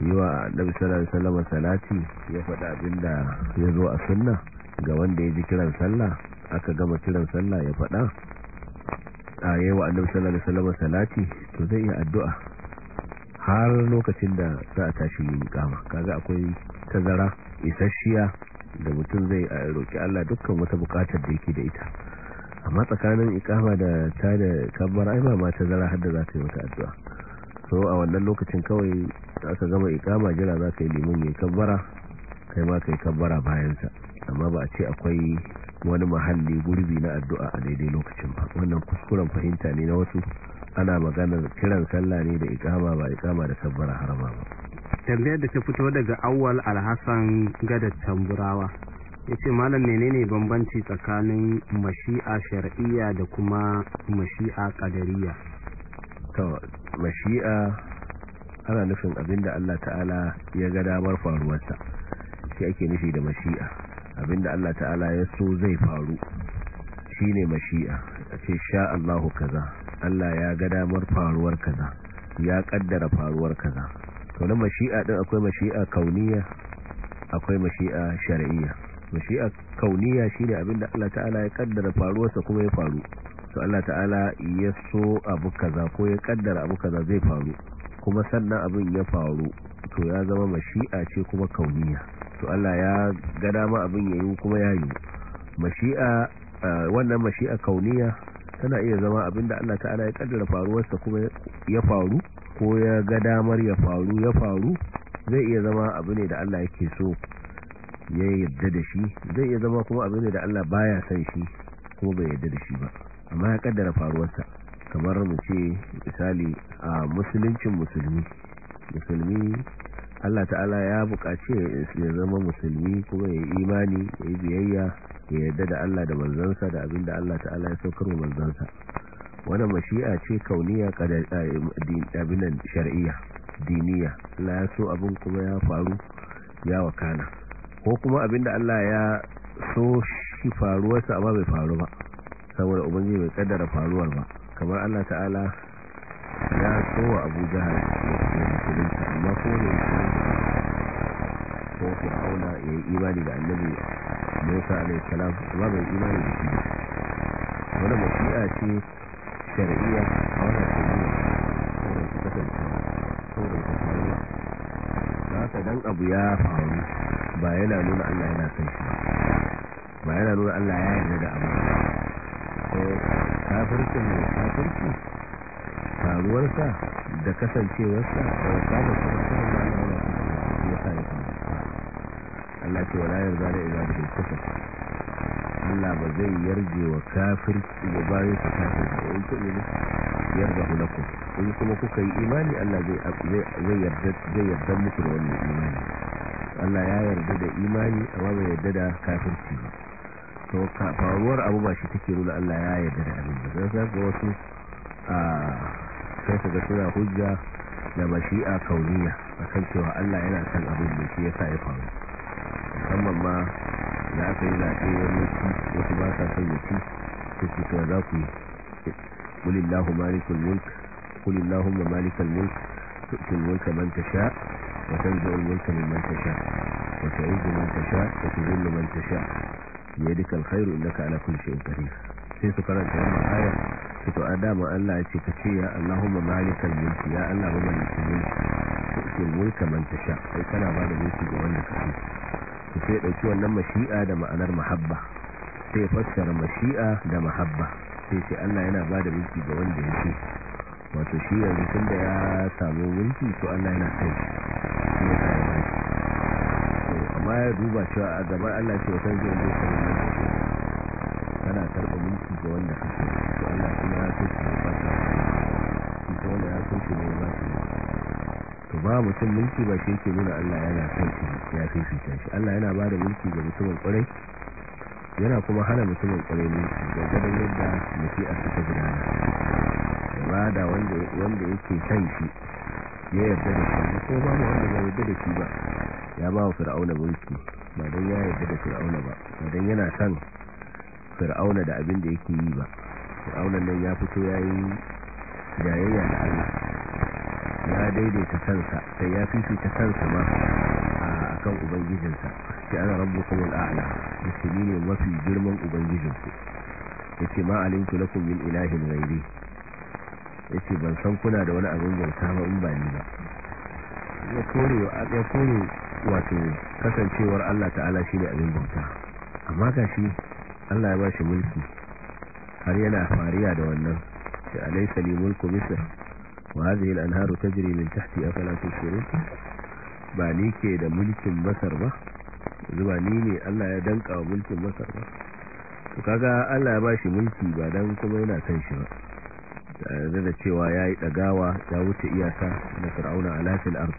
yi wa annabi sallallahu alaihi salati ya faɗa abinda ya zo a sunna ga wanda ya ji kiran sallah aka gama kiran sallah ya faɗa a yi wa annabi sallallahu alaihi salati to zai yi addu'a har lokacin da za a tashi yin kama kaga akwai tazara isasshiya da mutum zai roƙi Allah dukkan wata buƙatar da yake da ita amma tsakanin ikama da ta da kabbar ai ma ta zara har da za ta yi wata addu'a so a wannan lokacin kawai aka gama ikama jira za ka yi limin mai kabbara kai ma ka yi kabbara bayansa amma ba a ce akwai wani mahalli gurbi na addu'a a daidai lokacin ba wannan kuskuren fahimta ne na wasu ana maganar kiran sallah ne da ikama ba ikama da kabbara harama ba tambayar da ta fito daga awwal alhassan gada tamburawa ya ce malam menene bambanci tsakanin mashi'a shar'iyya da kuma mashi'a kadariya ta mashi'a ana nufin abinda Allah ta'ala ya ga damar faruwarsa shi ake nufi da mashi'a abinda Allah ta'ala ya so zai faru shine mashi'a a ce sha Allahu kaza Allah ya ga damar faruwar kaza ya kaddara faruwar kaza wannan mashi'a din akwai mashi'a kauniya akwai mashi'a shar'iyya mashi'a kauniya shine abinda Allah ta'ala ya kaddara faruwarsa kuma ya faru to Allah ta'ala ya so abu kaza ko ya kaddara abu kaza zai faru kuma sannan abin ya faru to ya zama mashi'a ce kuma kauniya to Allah ya ga dama abin yayi kuma ya mashi'a wannan mashi'a kauniya tana iya zama abinda Allah ta'ala ya kaddara faruwarsa kuma ya faru ko ya ga damar ya faru ya faru zai iya zama abu ne da Allah yake so ya yadda da shi zai iya zama kuma abu ne da Allah baya son shi ko bai yadda da shi ba amma ya kaddara faruwarsa kamar mu ce misali a musuluncin musulmi musulmi Allah ta'ala ya buƙace ya zama musulmi kuma ya imani ya yi biyayya ya yadda da Allah da manzansa da abin da Allah ta'ala ya saukar wa manzansa wannan mashi'a ce kauniya eh, abinan shari'iyya diniya Allah ya so abin kuma ya faru ya wakana ko kuma abinda Allah ya so shi faruwarsa amma bai faru ba saboda ubangiji bai kaddara faruwar ba kamar Allah ta'ala ya so wa Abu jihar amma ko ne ko auna ya yi imani da Annabi Musa alaihi salam amma bai imani da shi ba mashi'a ce shari'iyya a wannan shari'iyya saboda su kasance saboda su faru da haka dan abu ya faru ba yana nuna Allah yana san shi ba yana nuna Allah ya yarda da abu ko kafircin ne kafirci faruwarsa da kasancewarsa da wasabar kafircin da ya sa ya kuma Allah ce wala wani da ibadu da kafirci Allah ba zai yarje wa kafirci da bayan su kafirci in ku ne hulaku. in kuma kuka yi imani Allah zai yarda muku da wannan imani Allah ya yarda da imani a wanda yarda da kafirci ba to faruwar abu ba shi take nuna Allah ya yarda da abin ba zai ga wasu a sai su ga suna hujja da mashi'a kauniya a kan cewa Allah yana san abin da shi yasa ya faru musamman ma da aka yi zaɓe wani ci wasu ba sa son ya ci ta ce za ku yi kulillahu malikul mulk kulillahu ma malikul mulk tu'til mulka man tasha wa tanzi'ul mulka mimman tasha wa tu'izzu man tasha wa tuzillu man tasha duka alkhairu innaka ala kulli shay'in qadir sai su karanta wannan aya su to dama Allah ya ce ka ce ya Allahumma malikal mulk ya Allah malikul mulk tu'til mulka man tasha kai kana ba da mulki ga wanda ka kake su sai ɗauki wannan mashi'a da ma'anar mahabba sai fassara mashi'a da mahabba sai ce Allah yana ba da mulki ga wanda ya ce wato shi yanzu tun da ya samu mulki to Allah yana kai shi ya kayan mulki amma ya duba cewa a gaba Allah ce wata zai yi wata ne kana karɓa mulki ga wanda kake to Allah kuma ya so shi ne ba ta shi ya so shi ne ba ba mutum mulki ba ke nuna Allah yana son shi ya fi shi Allah yana ba da mulki ga mutumin kwarai yana kuma hana mutumin kwarai mulki ga gadon yadda mafi a suka gudana ba da wanda yake kan shi ya yarda da shi ko ba mu wanda ya yarda da shi ba ya ba wa fir'auna mulki ba don ya yarda da fir'auna ba ba don yana son fir'auna da abin da yake yi ba fir'aunan nan ya fito ya yi jayayya da Allah ya daidaita kansa sai ya fifita kansa ma a kan ubangijinsa shi ana rabu kuma al'ala yace ni ne mafi girman ya yace ma alinku na kumin ilahin ya yace ban san kuna da wani abin bauta ba in ba ni ba ya kore wato kasancewar Allah ta'ala shi ne abin bauta amma gashi Allah ya ba shi mulki har yana fariya da wannan shi alai salimul kumisar وهذه الأنهار تجري من تحت أفلا تشعرون ba ni ke da mulkin masar ba zuba ni ne Allah ya danka wa mulkin masar ba to kaga Allah ya ba shi mulki ba dan kuma yana san shi ba da da cewa yayi dagawa ya wuce iyaka na fir'auna ala fil ard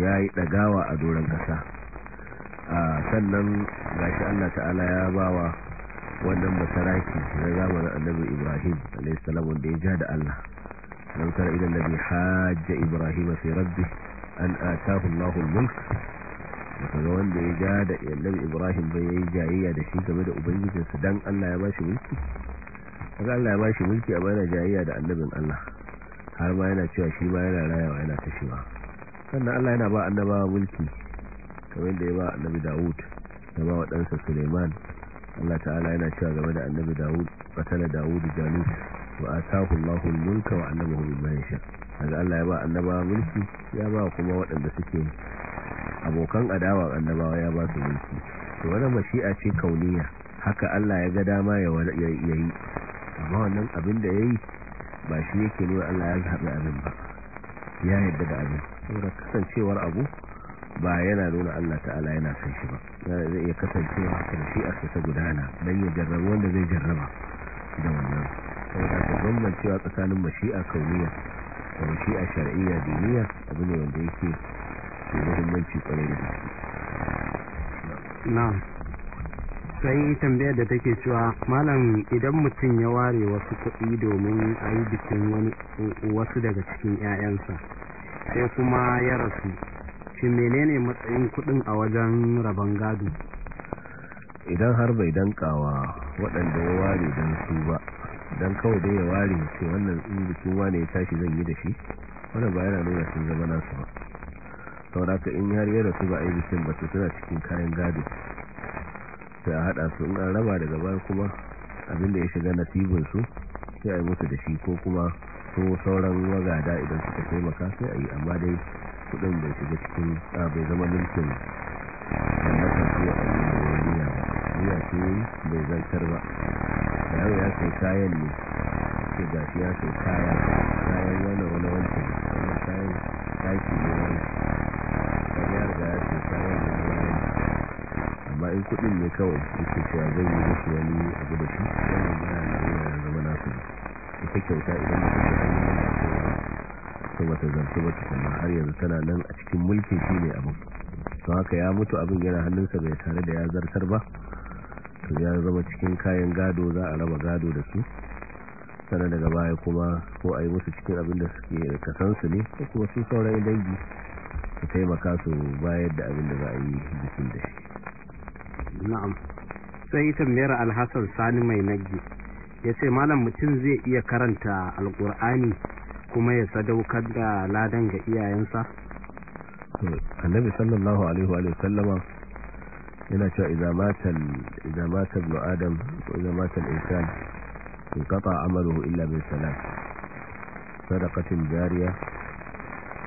yayi dagawa a doran kasa a sannan gashi Allah ta'ala ya bawa wannan masaraki na zamanin annabi Ibrahim alayhi salam wanda ya ja da Allah لو ترى إلى haja حاج إبراهيم في ربه أن آتاه الله الملك daga wanda ya ja da annabi Ibrahim bai yayi jayayya da shi game da ubangijinsa dan Allah ya bashi mulki ya bashi mulki a bayan jayayya da annabin Allah har ma yana cewa shi ma yana rayawa yana tashiwa sannan Allah yana ba annabawa mulki kamar da ya ba annabi Dawud da ba dansa Suleiman Allah ta'ala yana cewa game da annabi Dawud qatala Dawud Jalut wa atahu Allahu mulka wa allamahu mimma yasha daga Allah ya ba annaba mulki ya bawa kuma waɗanda suke abokan adawa annabawa ya ba su mulki to wannan mashi'a ce kauniya haka Allah ya ga dama ya yi amma wannan abin da yayi ba shi yake nuna Allah ya zaɓi abin ba ya da abin saboda kasancewar abu ba yana nuna Allah ta'ala yana san shi ba zai iya kasancewa a shi a ta gudana dan ya jarraba wanda zai jarraba da wannan saboda ka bambancewa tsakanin mashi'a kauniya da mashi'a shari'a duniya, abu ne wanda yake da muhimmanci kwanar da gaske Na sai tambayar da take cewa malam idan mutum ya ware wasu kuɗi domin a yi bikin wasu daga cikin 'ya'yansa sai kuma ya rasu shi menene matsayin kuɗin a wajen rabon gado idan har bai dankawa waɗanda ya ware don su ba don kawai da ya ware ce wannan in bikin wane ya tashi zan yi da shi wannan ba yana nuna sun zama nasu ba sauraka in yari yana su ba a yi bikin ba su suna cikin kayan gado sai a haɗa su in an raba daga baya kuma abinda ya shiga su sai a yi mutu da shi ko kuma su sauran wagada idan suka taimaka sai a yi amma dai kudin bai shiga cikin bai zama mulkin wannan a cikin duniya ba ce bai zantar ba Yau ya sai kayan ne ke ga shi ya sai kaya kayan wani wani wancan wani kayan daki ne wani kayan ya ya sai kayan ne wani amma in kudin ne kawai yake cewa zai yi musu wani abu da shi wani yana na zama nasu ita kyauta idan mutum da hanyar da ta wata zarce ba kuma har yanzu tana nan a cikin mulkin shi ne abin to haka ya mutu abin yana hannunsa bai tare da ya zartar ba to ya zama cikin kayan gado za a raba gado da su sana daga baya kuma ko a yi musu cikin abin da suke kasansu ne ko kuma su saurayin dangi su taimaka su bayar da abin za a yi jikin da shi na'am sai tambayar alhassan sani mai nagi ya ce malam mutum zai iya karanta alkur'ani kuma ya sadaukar da ladan ga iyayensa annabi sallallahu alaihi wa sallama yana cewa idza mata ibn adam ko idza mata insan in qata amaluhu illa bai salam sadaqatin jariya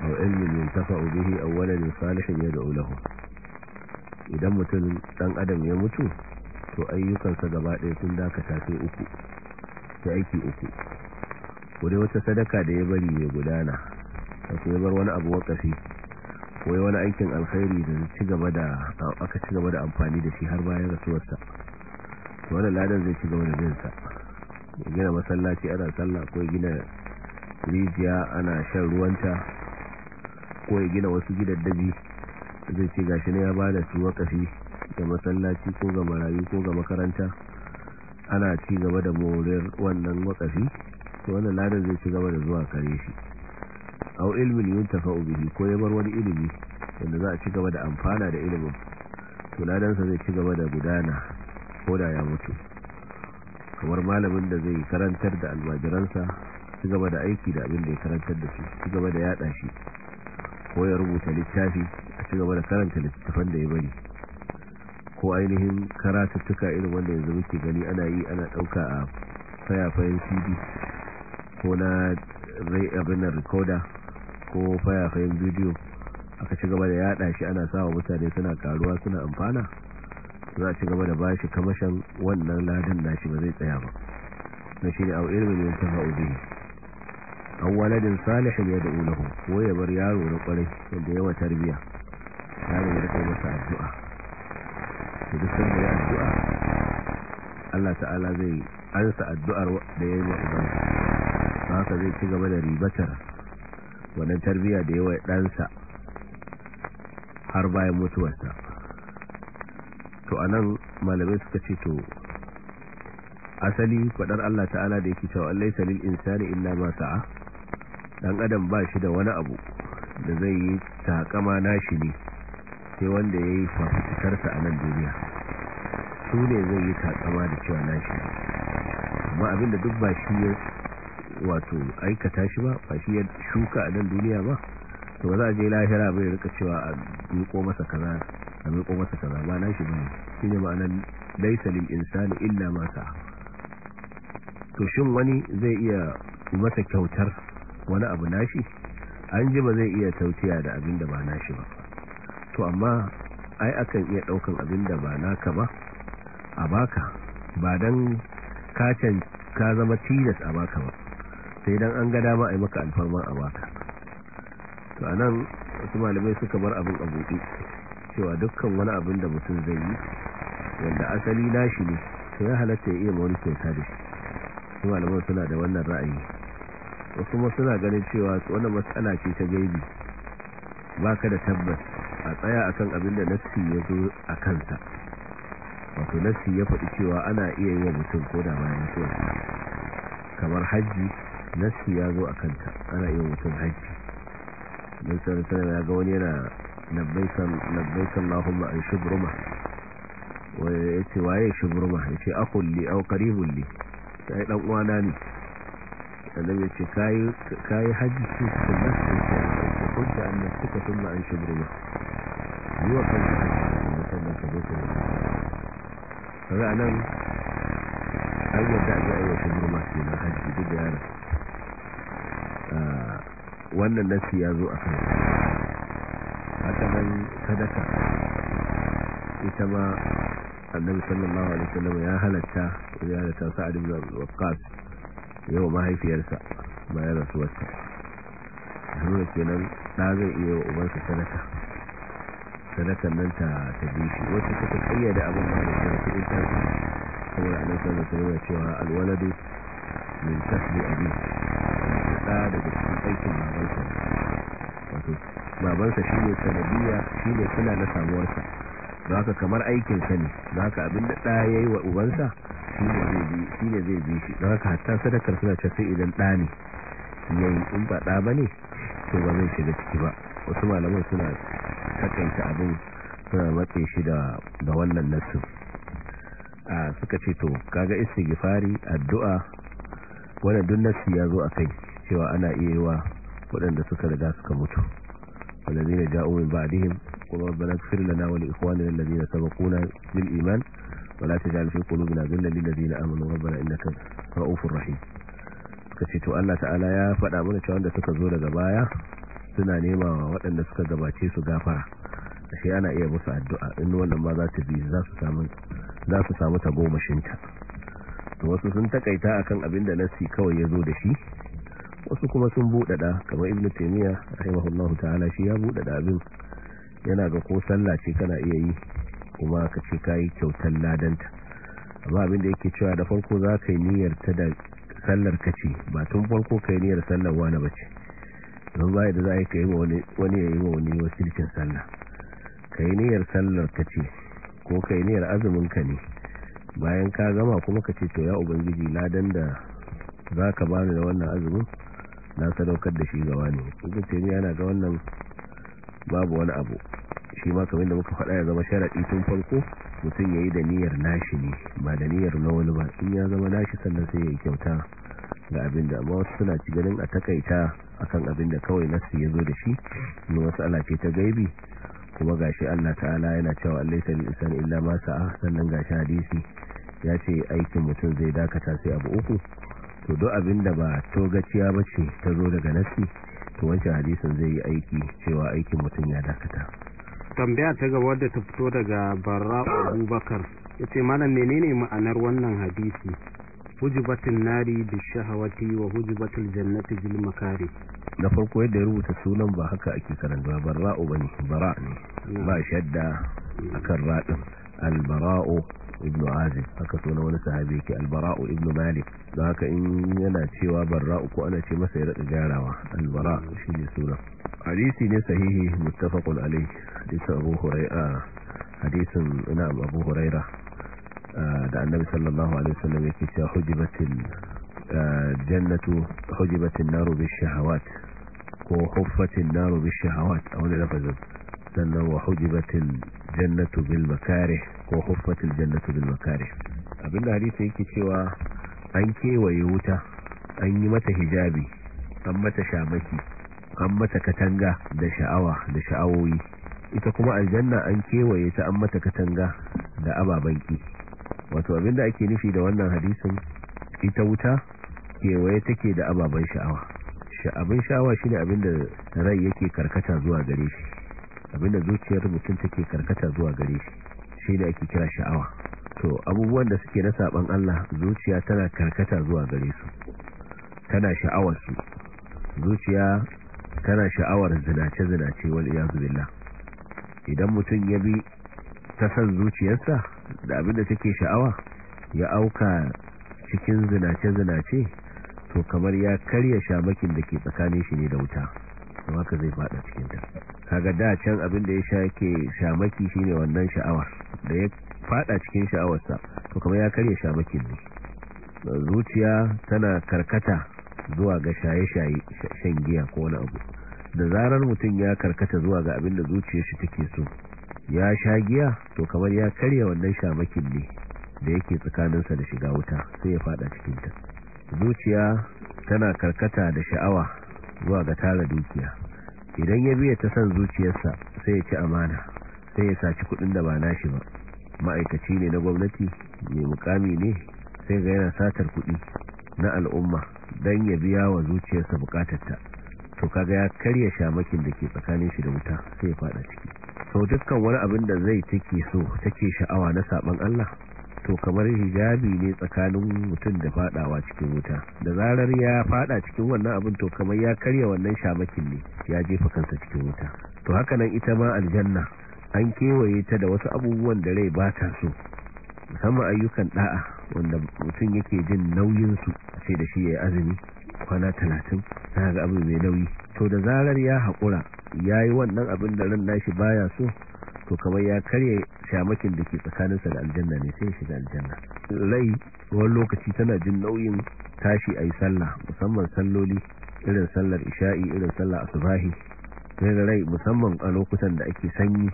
aw ilmin yuntafa'u a aw waladin salihin da ulahu. idan mutum dan adam ya mutu to ayyukansa gaba ɗaya sun dakata sai uku ta aiki uku ko wata sadaka da ya bari mai gudana ta kuma bar wani abu wakafi wai wani aikin alkhairi da ci gaba da aka ci gaba da amfani da shi har bayan rasuwarsa wani ladan zai ci gaba da jinsa gina masallaci ana sallah ko gina rijiya ana shan ruwanta ko ya gina wasu gidaddaji zai ce gashi ne ya ba da su wakafi ga masallaci ko ga marayu ko ga makaranta ana ci gaba da morir wannan wakafi wani ladan zai ci gaba da zuwa kare shi aw ilmin tafa bihi ko ya bar wani ilimi wanda za a ci gaba da amfana da ilimin to zai ci gaba da gudana ko da ya mutu kamar malamin da zai karantar da almajiransa ci gaba da aiki da abin da ya karantar da shi ci gaba da yada shi ko ya rubuta littafi a ci gaba da karanta littafan da ya bari ko ainihin karatuttuka irin wanda yanzu muke gani ana yi ana dauka a fayafayen cd ko na rai abin recorder ko fayafayin bidiyo aka ci gaba da yada shi ana sawa mutane suna karuwa suna amfana za a ci gaba da bashi kamashin wannan ladan nashi ba zai tsaya ba na shi ne ilimin ilmin yin tafa udini an waladin salihin ya da ulahu ko ya bar yaro na kwarai wanda yawa tarbiya yaro ya kai masa addu'a da duk sanda ya addu'a Allah ta'ala zai ansa addu'ar da ya yi ma'ubansa ba haka zai ci gaba da ribatar wannan tarbiya da yawa ɗansa har bayan mutuwarsa to anan malamai suka ce to asali faɗar Allah ta'ala da yake cewa laysa lil insani illa ma sa'a dan adam ba shi da wani abu da zai yi takama nashi ne sai wanda yayi fafutukarsa a nan duniya su ne zai yi takama da cewa nashi amma abinda duk ba shi ya wato aikata shi ba ba shi ya shuka a nan duniya ba to ba za a je lahira bai rika cewa a miƙo masa kaza a miƙo masa kaza ba na shi bane shine ma'anar laysa lil insani illa ma sa'a to shin wani zai iya masa kyautar wani abu nashi an ji ba zai iya tautiya da abin da ba nashi ba to amma ai akan iya daukan abin da ba naka ba a baka ba dan ka ka zama tilas a baka ba sai dan an ga dama a yi maka alfarma a baka to anan wasu malamai suka bar abin a buɗe cewa dukkan wani abin da mutum zai yi wanda asali nashi ne sai ya halatta ya iya mawani kyauta da shi su malaman suna da wannan ra'ayi wasu ma suna ganin cewa wani matsala ce ta gaibi ba ka da tabbas a tsaya akan abin da nassi ya zo a kansa wato nassi ya faɗi cewa ana iya yi wa mutum ko da bayan mutuwa kamar hajji nassi ya zo a kanta ana iya mutum hajji don sarrafa ya ga wani yana labbaikan lahumma an shubruma wani ya ce waye shubruma ya ce akulli au karibulli ta yi ɗan'uwana ne sannan ya ce ka yi hajji su cikin nassi ya kunta an nassi ka sun ma'an shubruma yi wa kanta hajji sannan ka zo ta yi hanyar da za a yi wa kumurma kenan hajji duk da yana ah, wannan nasi ya zo a kan haka sadaka ita ma annabi sallallahu alaihi wasallam ya halatta ya halatta sa'ad ibn waqqas yau mahaifiyarsa bayan rasuwarsa dole kenan da zai iya wa ubarsa sadaka sadakan nan ta ta bishi wacce ta kayyade abin da ya shafi ita saboda a nasa da sarari cewa alwaladu min a abi da daga cikin aikin babansa wato babansa shi ne sanadiyya shi ne suna na samuwarsa ba haka kamar aikinsa ne za haka abin da ɗa ya yi wa ubansa shi ne zai bi shi ba haka hatta sadakar suna cafi idan ɗa ne yayi in ba ɗa ba ne to ba zai shiga ciki ba wasu malaman suna takaita abin suna matse shi da wannan nassin suka ce to kaga istighfari addu'a wannan dun nasi ya zo akai cewa ana iya yiwa waɗanda suka riga suka mutu walladheena ja'u min ba'dihim qul rabbana ighfir lana wa li ikhwanina alladheena sabaquna bil iman wa la taj'al fi qulubina ghillan lil ladheena amanu rabbana innaka ra'ufur rahim suka ce to Allah ta'ala ya faɗa mana cewa wanda suka zo daga baya suna nema waɗanda suka gabace su gafara ashe ana iya musu addu'a in wannan ma za ta bi za su samu za su samu wasu sun takaita akan abin da nasi kawai ya zo da shi wasu kuma sun buɗaɗa kamar ibnu taymiya rahimahullahu ta'ala shi ya buɗaɗa abin yana ga ko sallah ce kana iya yi kuma ka ce kayi kyautar ladanta amma abin da yake cewa da farko za ka yi niyyar ta da sallar ka ce ba tun farko ka yi niyyar sallar wani ba ce don baya da za a yi ka yi wani ya yi wa wani wasilcin sallah ka niyyar sallar ka ce ko ka yi niyyar azumin ka ne bayan ka gama kuma ka ce to ya ubangiji ladan da za ka bani da wannan azumin na sadaukar da shi gawa ne in ce ni yana ga wannan babu wani abu shi ma kamar da muka faɗa ya zama sharaɗi tun farko mutum ya yi da niyyar nashi ne ba da niyyar na wani ba in ya zama nashi sannan sai ya yi kyauta ga abin da amma wasu suna ci ganin a takaita akan abin da kawai nasu ya zo da shi ne wasu alaƙe ta gaibi kuma gashi Allah ta'ala yana cewa allaisa lil insani illa ma sa'a sannan gashi hadisi ya ce aikin mutum zai dakata sai abu uku to duk da ba togaciya bace ta zo daga nasi to wancan hadisin zai yi aiki cewa aikin mutum ya dakata tambaya ta gaba da ta fito daga barra abubakar ya ce menene ma'anar wannan hadisi hujubatin nari da shahawati wa hujubatin jannati bil makari da farko yadda ya rubuta sunan ba haka ake karanta ba ra'u bane bara ne hmm. ba shadda hmm. akan ra'in albara'u ibnu azib haka sunan wani sahabi yake albara'u ibnu malik don haka in yana cewa barra'u ko ana ce masa ya rada gyarawa albara shine sunan hadisi ne sahihi muttafaqun alayh hadisin abu huraira. hadisin ina abu da annabi sallallahu alaihi wasallam yake cewa hujibatil jannatu hujibatin naru bishahawat ko huffatin naru bishahawat a wani lafazin sannan wa hujibatil jannatu bil makarih ko huffatil jannatu bil makarih abinda hadisi yake cewa an kewaye wuta an yi mata hijabi an mata shamaki an mata katanga da sha'awa da sha'awoyi ita kuma aljanna an kewaye ta an mata katanga da ababanki wato abinda ake nufi da wannan hadisin ita wuta kewaye take da ababen sha'awa abin sha'awa shine abinda rai yake karkata zuwa gare shi abinda zuciyar mutum take karkata zuwa gare shi shi shine ake kira sha'awa to abubuwan da suke na saban Allah zuciya tana karkata zuwa gare su tana sha'awar su zuciya tana sha'awar zinace zinace wani yanzu billah idan mutum ya bi ta san zuciyarsa da abin da take sha'awa ya auka cikin zinace-zinace to kamar ya karya shamakin da ke tsakanin shi ne da wuta don haka zai fada cikinta kaga da can abin da ya sha ke shamaki ne wannan sha'awar da ya fada cikin sha'awarsa to kamar ya karya shamakin ne zuciya tana karkata zuwa ga shaye-shaye shan giya ko wani abu da zarar mutum ya karkata zuwa ga abin da zuciyar shi take so ya sha giya to kamar ya karya wannan shamakin ne da yake tsakaninsa da shiga wuta sai ya fada cikinta zuciya tana karkata da sha'awa zuwa ga tara dukiya idan ya biya ta san zuciyarsa sai ya ci amana sai ya saci kudin da ba nashi ba ma'aikaci ne na gwamnati mai mukami ne sai ga yana satar kudi na al'umma don ya biya wa zuciyarsa bukatarta to kaga ya karya shamakin da ke tsakanin shi da wuta sai ya fada ciki to dukkan wani abin da zai take so take sha'awa na saban Allah to kamar hijabi ne tsakanin mutum da fadawa cikin wuta da zarar ya fada cikin wannan abin to kamar ya karya wannan shamakin ne ya jefa kansa cikin wuta to haka nan ita ma aljanna an kewaye ta da wasu abubuwan da rai ba ta so musamman ayyukan da'a wanda mutum yake jin nauyin su sai da shi ya yi azumi kwana talatin na ga abu mai nauyi to da zarar ya haƙura ya yi wannan abin da ran nashi baya so to kamar ya karya shamakin da ke tsakaninsa da aljanna ne sai shiga aljanna rai wani lokaci tana jin nauyin tashi a yi sallah musamman salloli irin sallar isha'i irin sallar asubahi sai ga rai musamman a lokutan da ake sanyi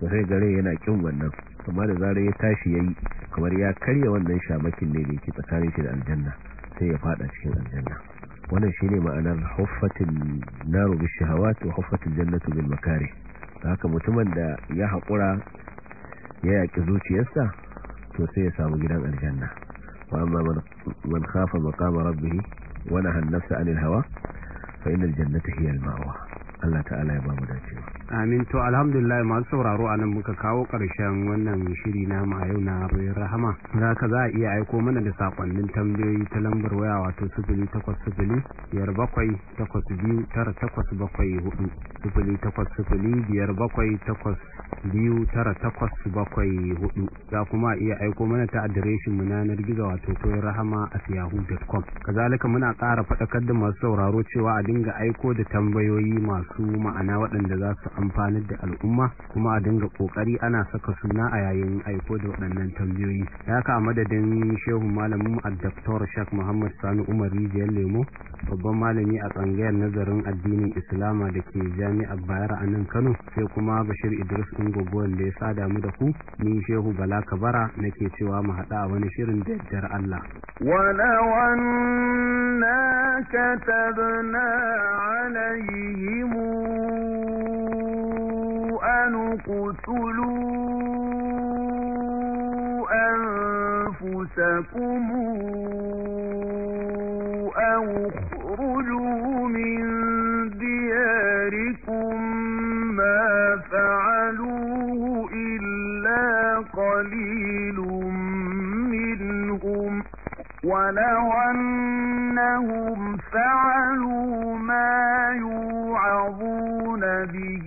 to sai ga rai yana kin wannan amma da zarar ya tashi ya yi kamar ya karya wannan shamakin ne da ke tsakanin shi da aljanna sai ya fada cikin aljanna wannan shine ma'anar huffatin naru bi shahawati wa huffatil jannatu bil makari haka mutumin da ya haƙura ya yaƙi zuciyarsa to sai ya samu gidan aljanna wa amma man khafa maqama rabbih wa nahana nafsa 'anil hawa fa innal jannata hiya al-ma'wa Allah ta'ala ya ba mu dacewa amin to alhamdulillah masu sauraro a nan muka kawo ƙarshen wannan shiri na ma yau na ruwan rahama za ka za a iya aiko mana da sakonnin tambayoyi ta lambar waya wato sifili takwas sifili biyar bakwai takwas biyu tara takwas bakwai hudu sifili takwas sifili biyar bakwai takwas biyu tara takwas bakwai hudu za kuma iya aiko mana ta adireshin mu na gizo wato toyin rahama a dot com kazalika muna ƙara faɗakar da masu sauraro cewa a dinga aiko da tambayoyi masu ma'ana waɗanda za su amfanar da al'umma kuma a dinga kokari ana saka suna a yayin aiko da waɗannan tambayoyi ya ka madadin shehu malamin al shak Sheikh Muhammad Sani Umar Rijiyar Lemo babban malami a tsangayar nazarin addinin Islama da ke Jami'ar Bayar a nan Kano sai kuma Bashir Idris Ungogo da ya sa damu da ku ni Shehu Bala Kabara nake cewa mu haɗa a wani shirin da yaddar Allah ولو أنا كتبنا عليهم نقتلوا اقْتُلُوا أَنفُسَكُمْ أَوْ اخْرُجُوا مِن دِيَارِكُم مَّا فَعَلُوهُ إِلَّا قَلِيلٌ مِّنْهُمْ وَلَوْ أَنَّهُمْ فَعَلُوا مَا يُوعَظُونَ بِهِ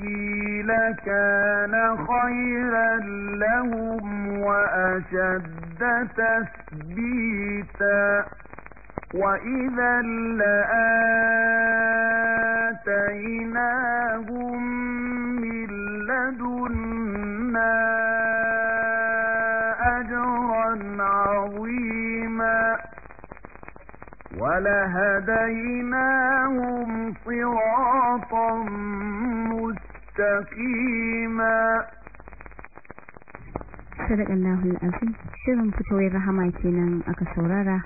كان خيرا لهم وأشد تثبيتا وإذا لآتيناهم من لدنا أجرا عظيما ولهديناهم صراطا مستقيما مستقيما sadakallahul azim shirin fitowar rahama kenan aka saurara